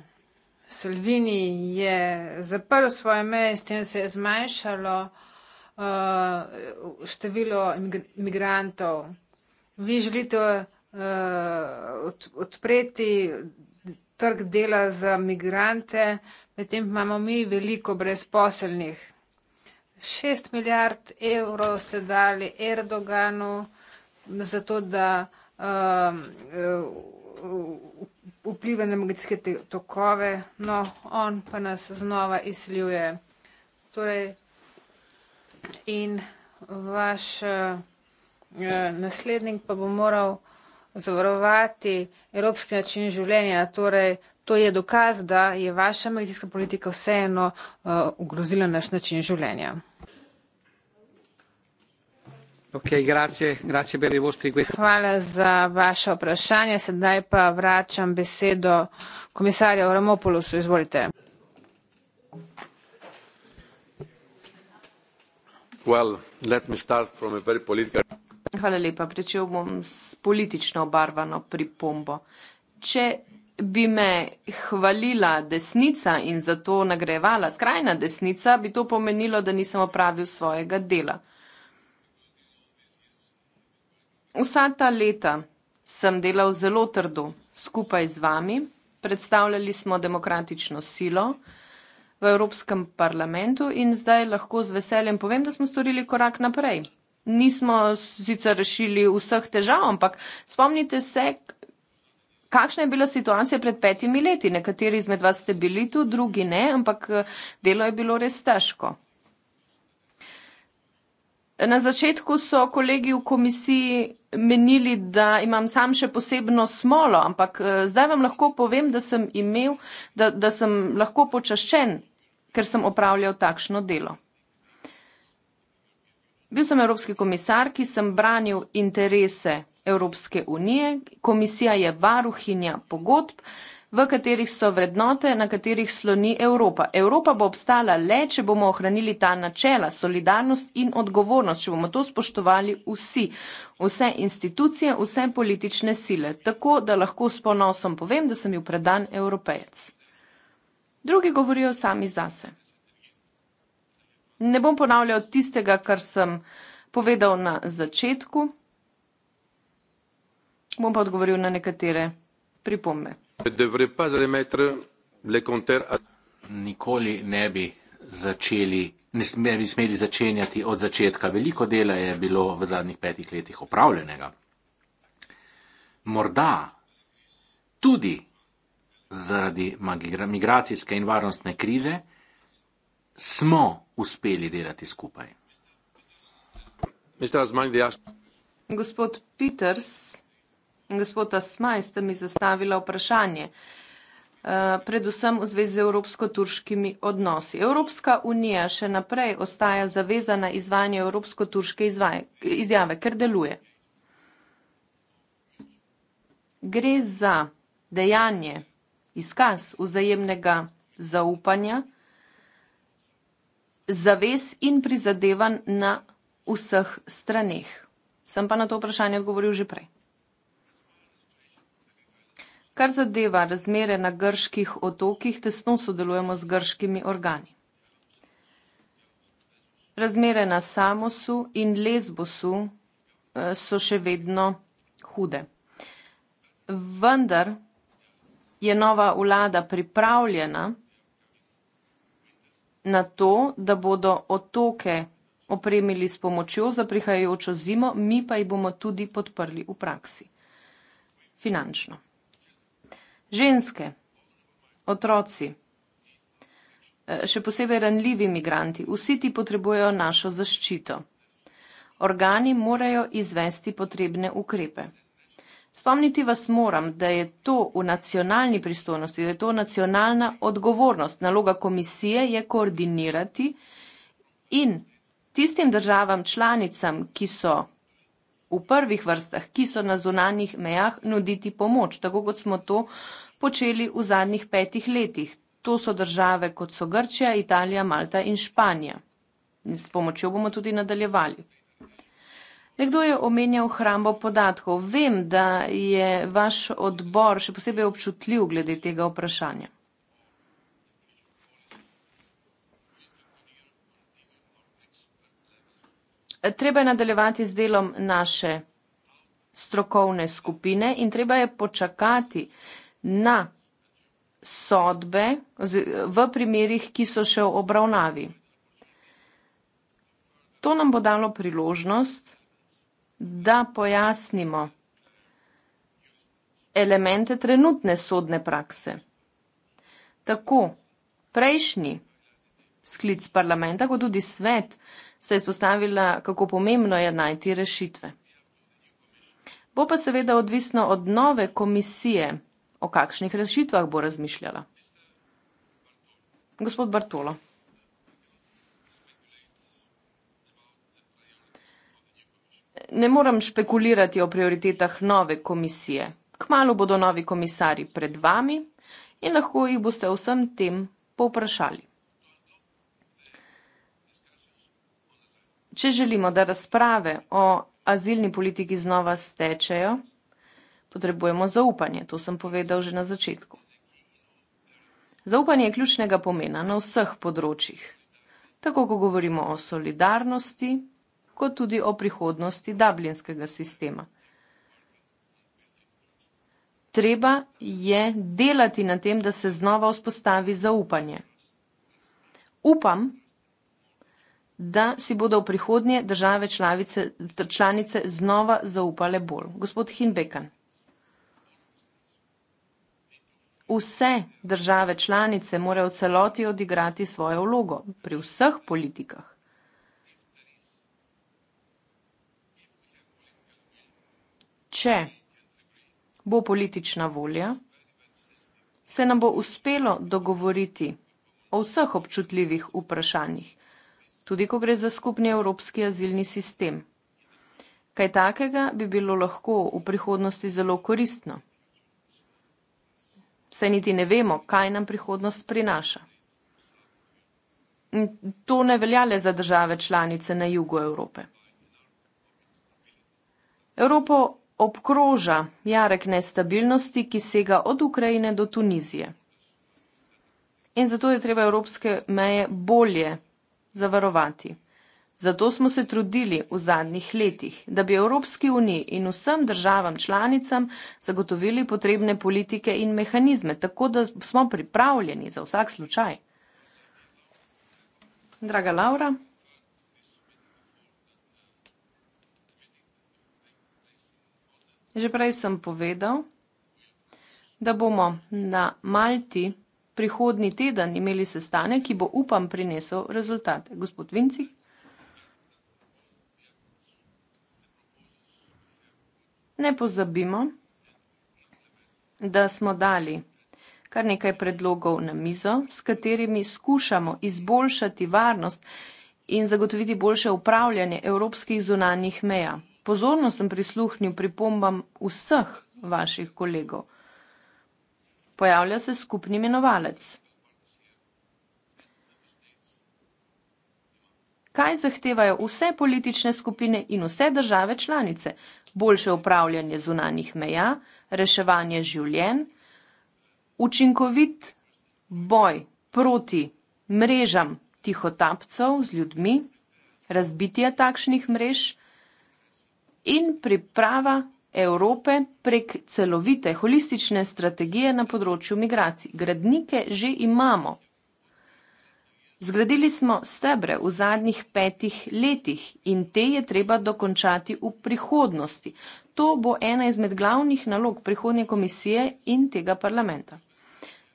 Salvini je zaprl svoje meje, s tem se je zmanjšalo uh, število imigrantov. Vi želite uh, odpreti trg dela za imigrante, medtem imamo mi veliko brezposelnih. Šest milijard evrov ste dali Erdoganu, zato da uh, uh, vplive na magnetske tokove, no, on pa nas znova izsiljuje. Torej, in vaš uh, naslednik pa bo moral zavarovati evropski način življenja. Torej, to je dokaz, da je vaša medijska politika vseeno uh, ogrozila naš način življenja. Hvala za vaše vprašanje. Sedaj pa vračam besedo komisarju Avramopoulosu. Izvolite. Hvala lepa. Pričel bom s politično obarvano pripombo. Če bi me hvalila desnica in za to nagrajevala skrajna desnica, bi to pomenilo, da nisem opravil svojega dela. Vsa ta leta sem delal zelo trdo skupaj z vami. Predstavljali smo demokratično silo v Evropskem parlamentu in zdaj lahko z veseljem povem, da smo storili korak naprej. Nismo sicer rešili vseh težav, ampak spomnite se, kakšna je bila situacija pred petimi leti. Nekateri izmed vas ste bili tu, drugi ne, ampak delo je bilo res težko. Na začetku so kolegi v komisiji menili, da imam sam še posebno smolo, ampak eh, zdaj vam lahko povem, da sem imel, da, da sem lahko počaščen, ker sem opravljal takšno delo. Bil sem evropski komisar, ki sem branil interese Evropske unije. Komisija je varuhinja pogodb v katerih so vrednote, na katerih sloni Evropa. Evropa bo obstala le, če bomo ohranili ta načela, solidarnost in odgovornost, če bomo to spoštovali vsi, vse institucije, vse politične sile, tako da lahko s ponosom povem, da sem bil predan evropejec. Drugi govorijo sami zase. Ne bom ponavljal tistega, kar sem povedal na začetku. Bom pa odgovoril na nekatere pripombe nikoli ne bi začeli, ne, ne bi smeli začenjati od začetka. Veliko dela je bilo v zadnjih petih letih opravljenega. Morda tudi zaradi migracijske in varnostne krize smo uspeli delati skupaj. Gospod Peters, in gospod Asmaj ste mi zastavila vprašanje, eh, predvsem v zvezi z evropsko-turškimi odnosi. Evropska unija še naprej ostaja zavezana izvanje evropsko-turške izjave, ker deluje. Gre za dejanje, izkaz vzajemnega zaupanja, zaves in prizadevan na vseh straneh. Sem pa na to vprašanje odgovoril že prej. Kar zadeva razmere na grških otokih, tesno sodelujemo z grškimi organi. Razmere na Samosu in Lesbosu eh, so še vedno hude. Vendar je nova vlada pripravljena na to, da bodo otoke opremili s pomočjo za prihajajočo zimo, mi pa jih bomo tudi podprli v praksi finančno. Ženske, otroci, eh, še posebej ranljivi migranti, vsi ti potrebujejo našo zaščito. Organi morajo izvesti potrebne ukrepe. Spomniti vas moram, da je to v nacionalni pristojnosti, da je to nacionalna odgovornost. Naloga komisije je koordinirati in tistim državam članicam, ki so v prvih vrstah, ki so na zunanjih mejah, nuditi pomoč, tako kot smo to počeli v zadnjih petih letih. To so države kot so Grčija, Italija, Malta in Španija. In s pomočjo bomo tudi nadaljevali. Nekdo je omenjal hrambo podatkov. Vem, da je vaš odbor še posebej občutljiv glede tega vprašanja. Eh, treba je nadaljevati z delom naše strokovne skupine in treba je počakati na sodbe v primerih, ki so še v obravnavi. To nam bo dalo priložnost, da pojasnimo elemente trenutne sodne prakse. Tako prejšnji sklic parlamenta, kot tudi svet, se je spostavila, kako pomembno je najti rešitve. Bo pa seveda odvisno od nove komisije, o kakšnih rešitvah bo razmišljala. Gospod Bartolo. Ne moram špekulirati o prioritetah nove komisije. Kmalo bodo novi komisari pred vami in lahko jih boste vsem tem povprašali. Če želimo, da razprave o azilni politiki znova stečejo, potrebujemo zaupanje. To sem povedal že na začetku. Zaupanje je ključnega pomena na vseh področjih. Tako, ko govorimo o solidarnosti, kot tudi o prihodnosti dublinskega sistema. Treba je delati na tem, da se znova vzpostavi zaupanje. Upam, da si bodo v prihodnje države članice, članice znova zaupale bolj. Gospod Hinbekan. Vse države članice morajo v celoti odigrati svojo vlogo pri vseh politikah. Če bo politična volja, se nam bo uspelo dogovoriti o vseh občutljivih vprašanjih tudi ko gre za skupni evropski azilni sistem. Kaj takega bi bilo lahko v prihodnosti zelo koristno? Saj niti ne vemo, kaj nam prihodnost prinaša. In to ne velja le za države članice na jugu Evrope. Evropo obkroža jarek nestabilnosti, ki sega od Ukrajine do Tunizije. In zato je treba evropske meje bolje zavarovati. Zato smo se trudili v zadnjih letih, da bi Evropski uniji in vsem državam članicam zagotovili potrebne politike in mehanizme, tako da smo pripravljeni za vsak slučaj. Draga Laura. Že prej sem povedal, da bomo na Malti prihodni teden imeli sestanek, ki bo, upam, prinesel rezultate. Gospod Vincik. Ne pozabimo, da smo dali kar nekaj predlogov na mizo, s katerimi skušamo izboljšati varnost in zagotoviti boljše upravljanje evropskih zunanjih meja. Pozorno sem prisluhnil pripombam vseh vaših kolegov pojavlja se skupni imenovalec. Kaj zahtevajo vse politične skupine in vse države članice? Boljše upravljanje zunanih meja, reševanje življenj, učinkovit boj proti mrežam tihotapcev z ljudmi, razbitje takšnih mrež in priprava Evrope prek celovite, holistične strategije na področju migracij. Gradnike že imamo. Zgradili smo stebre v zadnjih petih letih in te je treba dokončati v prihodnosti. To bo ena izmed glavnih nalog prihodnje komisije in tega parlamenta.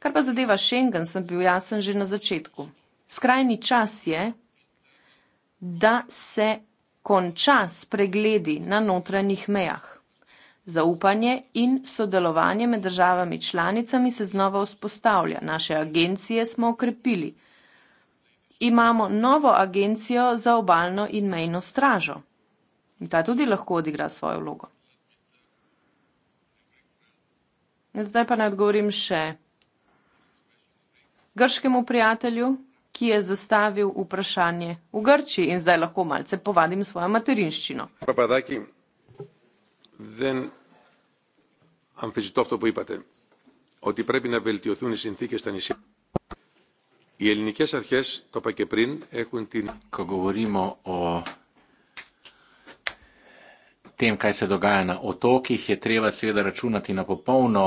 Kar pa zadeva Schengen, sem bil jasen že na začetku. Skrajni čas je, da se konča s pregledi na notranjih mejah. Zaupanje in sodelovanje med državami članicami se znova vzpostavlja. Naše agencije smo okrepili. Imamo novo agencijo za obaljno in mejno stražo. In ta tudi lahko odigra svojo vlogo. Zdaj pa naj odgovorim še grškemu prijatelju, ki je zastavil vprašanje v Grči in zdaj lahko malce povadim svojo materinščino. Papadaki δεν αμφισβητώ αυτό που είπατε, ότι πρέπει να βελτιωθούν οι συνθήκες στα νησιά. Οι ελληνικές αρχές, το είπα και πριν, έχουν την... Κογκοβορήμο ο... Тем кај се догајана од оких е треба се да рачунати на пополно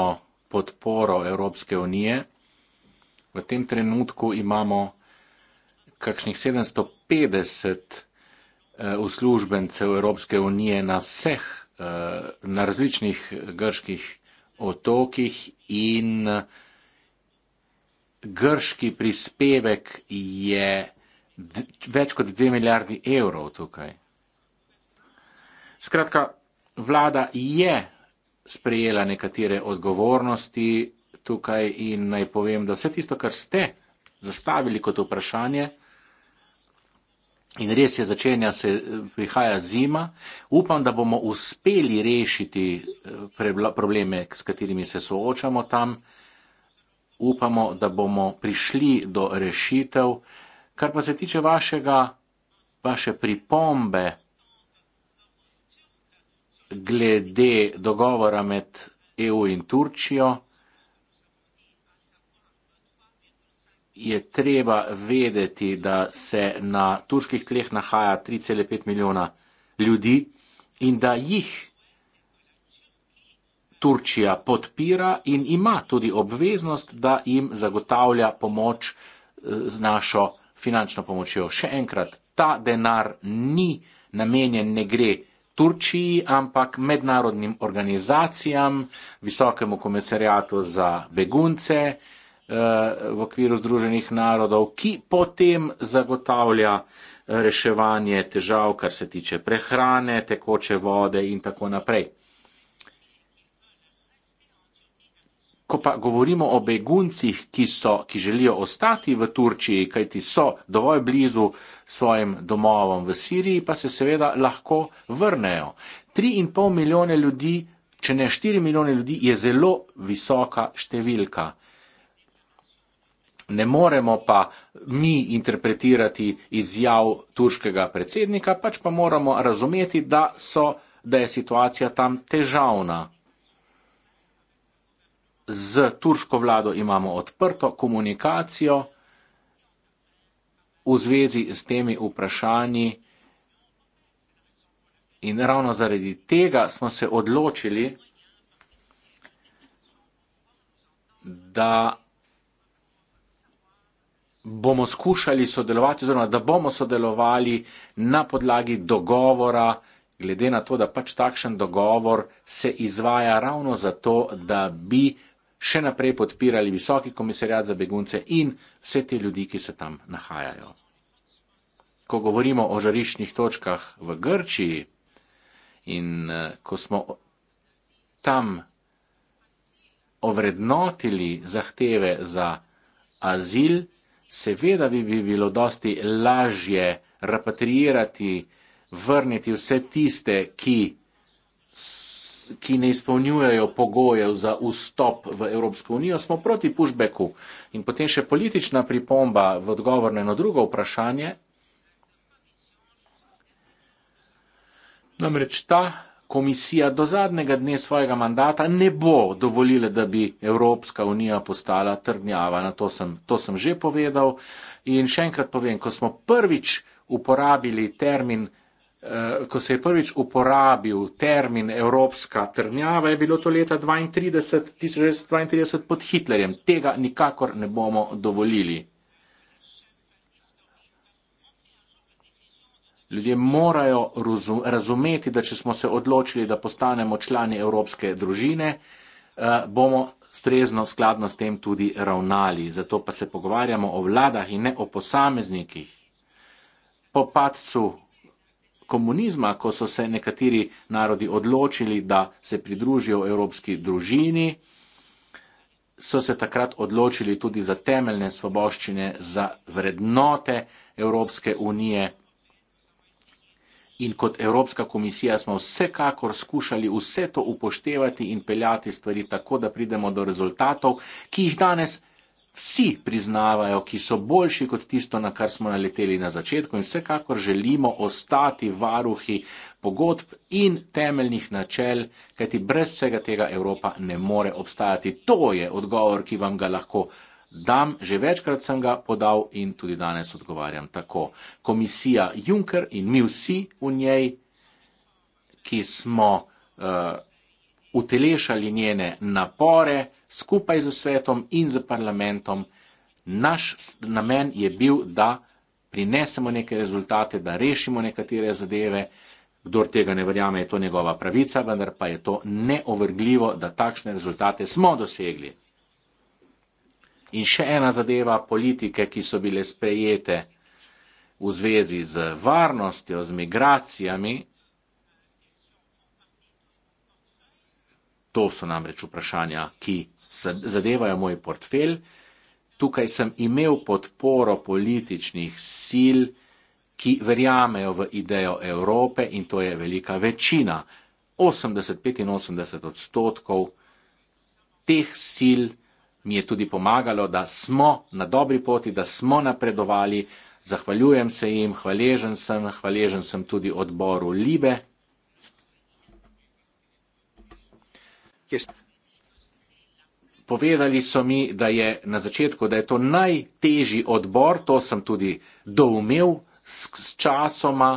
подпоро Европске Оније. Во тем тренутку имамо какшних 750 услужбенце у Европске Оније на всех Eh, na različnih grških otokih in eh, grški prispevek je več kot dve milijardi evrov tukaj. Skratka, vlada je sprejela nekatere odgovornosti tukaj in naj povem, da vse tisto, kar ste zastavili kot vprašanje, In res je, začenja se, prihaja zima. Upam, da bomo uspeli rešiti eh, probleme, s katerimi se soočamo tam. Upamo, da bomo prišli do rešitev. Kar pa se tiče vašega, vaše pripombe glede dogovora med EU in Turčijo. je treba vedeti, da se na turških tleh nahaja 3,5 milijona ljudi in da jih Turčija podpira in ima tudi obveznost, da jim zagotavlja pomoč eh, z našo finančno pomočjo. Še enkrat, ta denar ni namenjen, ne gre. Turčiji, ampak mednarodnim organizacijam, visokemu komisarjatu za begunce, eh, Eh, v okviru Združenih narodov, ki potem zagotavlja eh, reševanje težav, kar se tiče prehrane, tekoče vode in tako naprej. Ko pa govorimo o beguncih, ki, so, ki želijo ostati v Turčiji, kajti so dovolj blizu svojim domovom v Siriji, pa se seveda lahko vrnejo. 3,5 milijone ljudi, če ne 4 milijone ljudi, je zelo visoka številka. Ne moremo pa mi interpretirati izjav turškega predsednika, pač pa moramo razumeti, da, so, da je situacija tam težavna. Z turško vlado imamo odprto komunikacijo v zvezi s temi vprašanji in ravno zaradi tega smo se odločili, da bomo skušali sodelovati, oziroma da bomo sodelovali na podlagi dogovora, glede na to, da pač takšen dogovor se izvaja ravno zato, da bi še naprej podpirali visoki komisarjat za begunce in vse te ljudi, ki se tam nahajajo. Ko govorimo o žariščnih točkah v Grčiji in eh, ko smo tam ovrednotili zahteve za azil, seveda bi, bi bilo dosti lažje repatriirati, vrniti vse tiste, ki, ki ne izpolnjujejo pogojev za vstop v Evropsko unijo, smo proti pushbacku. In potem še politična pripomba v odgovor na eno drugo vprašanje. Namreč ta komisija do zadnjega dne svojega mandata ne bo dovolila, da bi Evropska unija postala trdnjava. Na to sem, to sem že povedal. In še enkrat povem, ko smo prvič uporabili termin, eh, ko se je prvič uporabil termin Evropska trdnjava, je bilo to leta 1932 pod Hitlerjem. Tega nikakor ne bomo dovolili. Ljudje morajo razumeti, da če smo se odločili, da postanemo člani evropske družine, eh, bomo strezno skladno s tem tudi ravnali. Zato pa se pogovarjamo o vladah in ne o posameznikih. Po padcu komunizma, ko so se nekateri narodi odločili, da se pridružijo evropski družini, so se takrat odločili tudi za temeljne svoboščine, za vrednote Evropske unije. In kot Evropska komisija smo vsekakor skušali vse to upoštevati in peljati stvari tako, da pridemo do rezultatov, ki jih danes vsi priznavajo, ki so boljši kot tisto, na kar smo naleteli na začetku in vsekakor želimo ostati varuhi pogodb in temeljnih načel, kajti brez vsega tega Evropa ne more obstajati. To je odgovor, ki vam ga lahko dam, že večkrat sem ga podal in tudi danes odgovarjam tako. Komisija Juncker in mi vsi v njej, ki smo uh, utelešali njene napore skupaj z svetom in z parlamentom, naš namen je bil, da prinesemo neke rezultate, da rešimo nekatere zadeve. Kdor tega ne verjame, je to njegova pravica, vendar pa je to neovrgljivo, da takšne rezultate smo dosegli. In še ena zadeva, politike, ki so bile sprejete v zvezi z varnostjo, z migracijami, to so namreč vprašanja, ki zadevajo moj portfelj. Tukaj sem imel podporo političnih sil, ki verjamejo v idejo Evrope in to je velika večina, 80-85 odstotkov teh sil mi je tudi pomagalo, da smo na dobri poti, da smo napredovali. Zahvaljujem se jim, hvaležen sem, hvaležen sem tudi odboru Libe. Yes. Povedali so mi, da je na začetku, da je to najtežji odbor, to sem tudi doumev s, s časoma,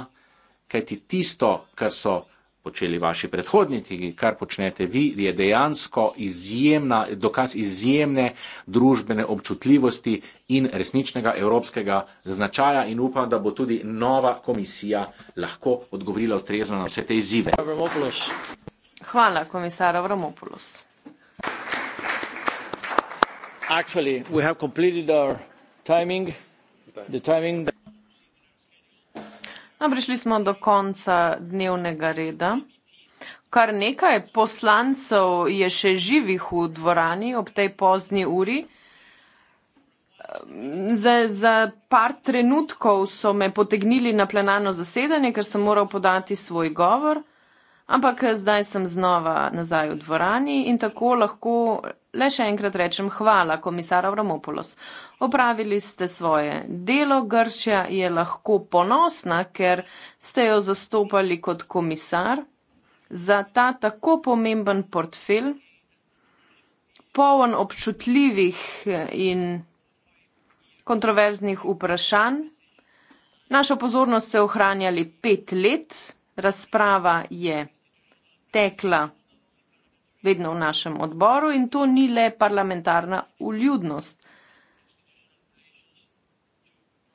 kajti tisto, kar so počeli vaši predhodniki, kar počnete vi, je dejansko izjemna, dokaz izjemne družbene občutljivosti in resničnega evropskega značaja in upam, da bo tudi nova komisija lahko odgovorila ustrezno na vse te izzive. Hvala, komisar Avramopoulos. Actually, we have completed our timing, the timing No, prišli smo do konca dnevnega reda. Kar nekaj poslancev je še živih v dvorani ob tej pozni uri. Za, za par trenutkov so me potegnili na plenarno zasedanje, ker sem moral podati svoj govor, ampak zdaj sem znova nazaj v dvorani in tako lahko Le še enkrat rečem hvala, komisar Avramopolos. Opravili ste svoje delo, Grčija je lahko ponosna, ker ste jo zastopali kot komisar za ta tako pomemben portfel, poln občutljivih eh, in kontroverznih vprašanj. Našo pozornost ste ohranjali pet let, razprava je tekla vedno v našem odboru in to ni le parlamentarna uljudnost.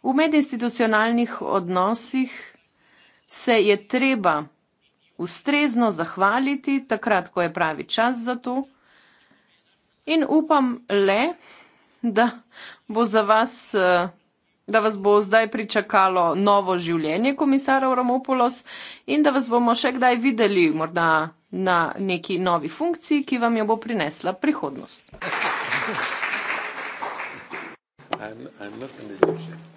V medinstitucionalnih odnosih se je treba ustrezno zahvaliti takrat, ko je pravi čas za to. In upam le, da bo za vas, eh, da vas bo zdaj pričakalo novo življenje komisara Romopolos in da vas bomo še kdaj videli, morda na neki novi funkciji, ki vam jo bo prinesla prihodnost. I'm, I'm not in the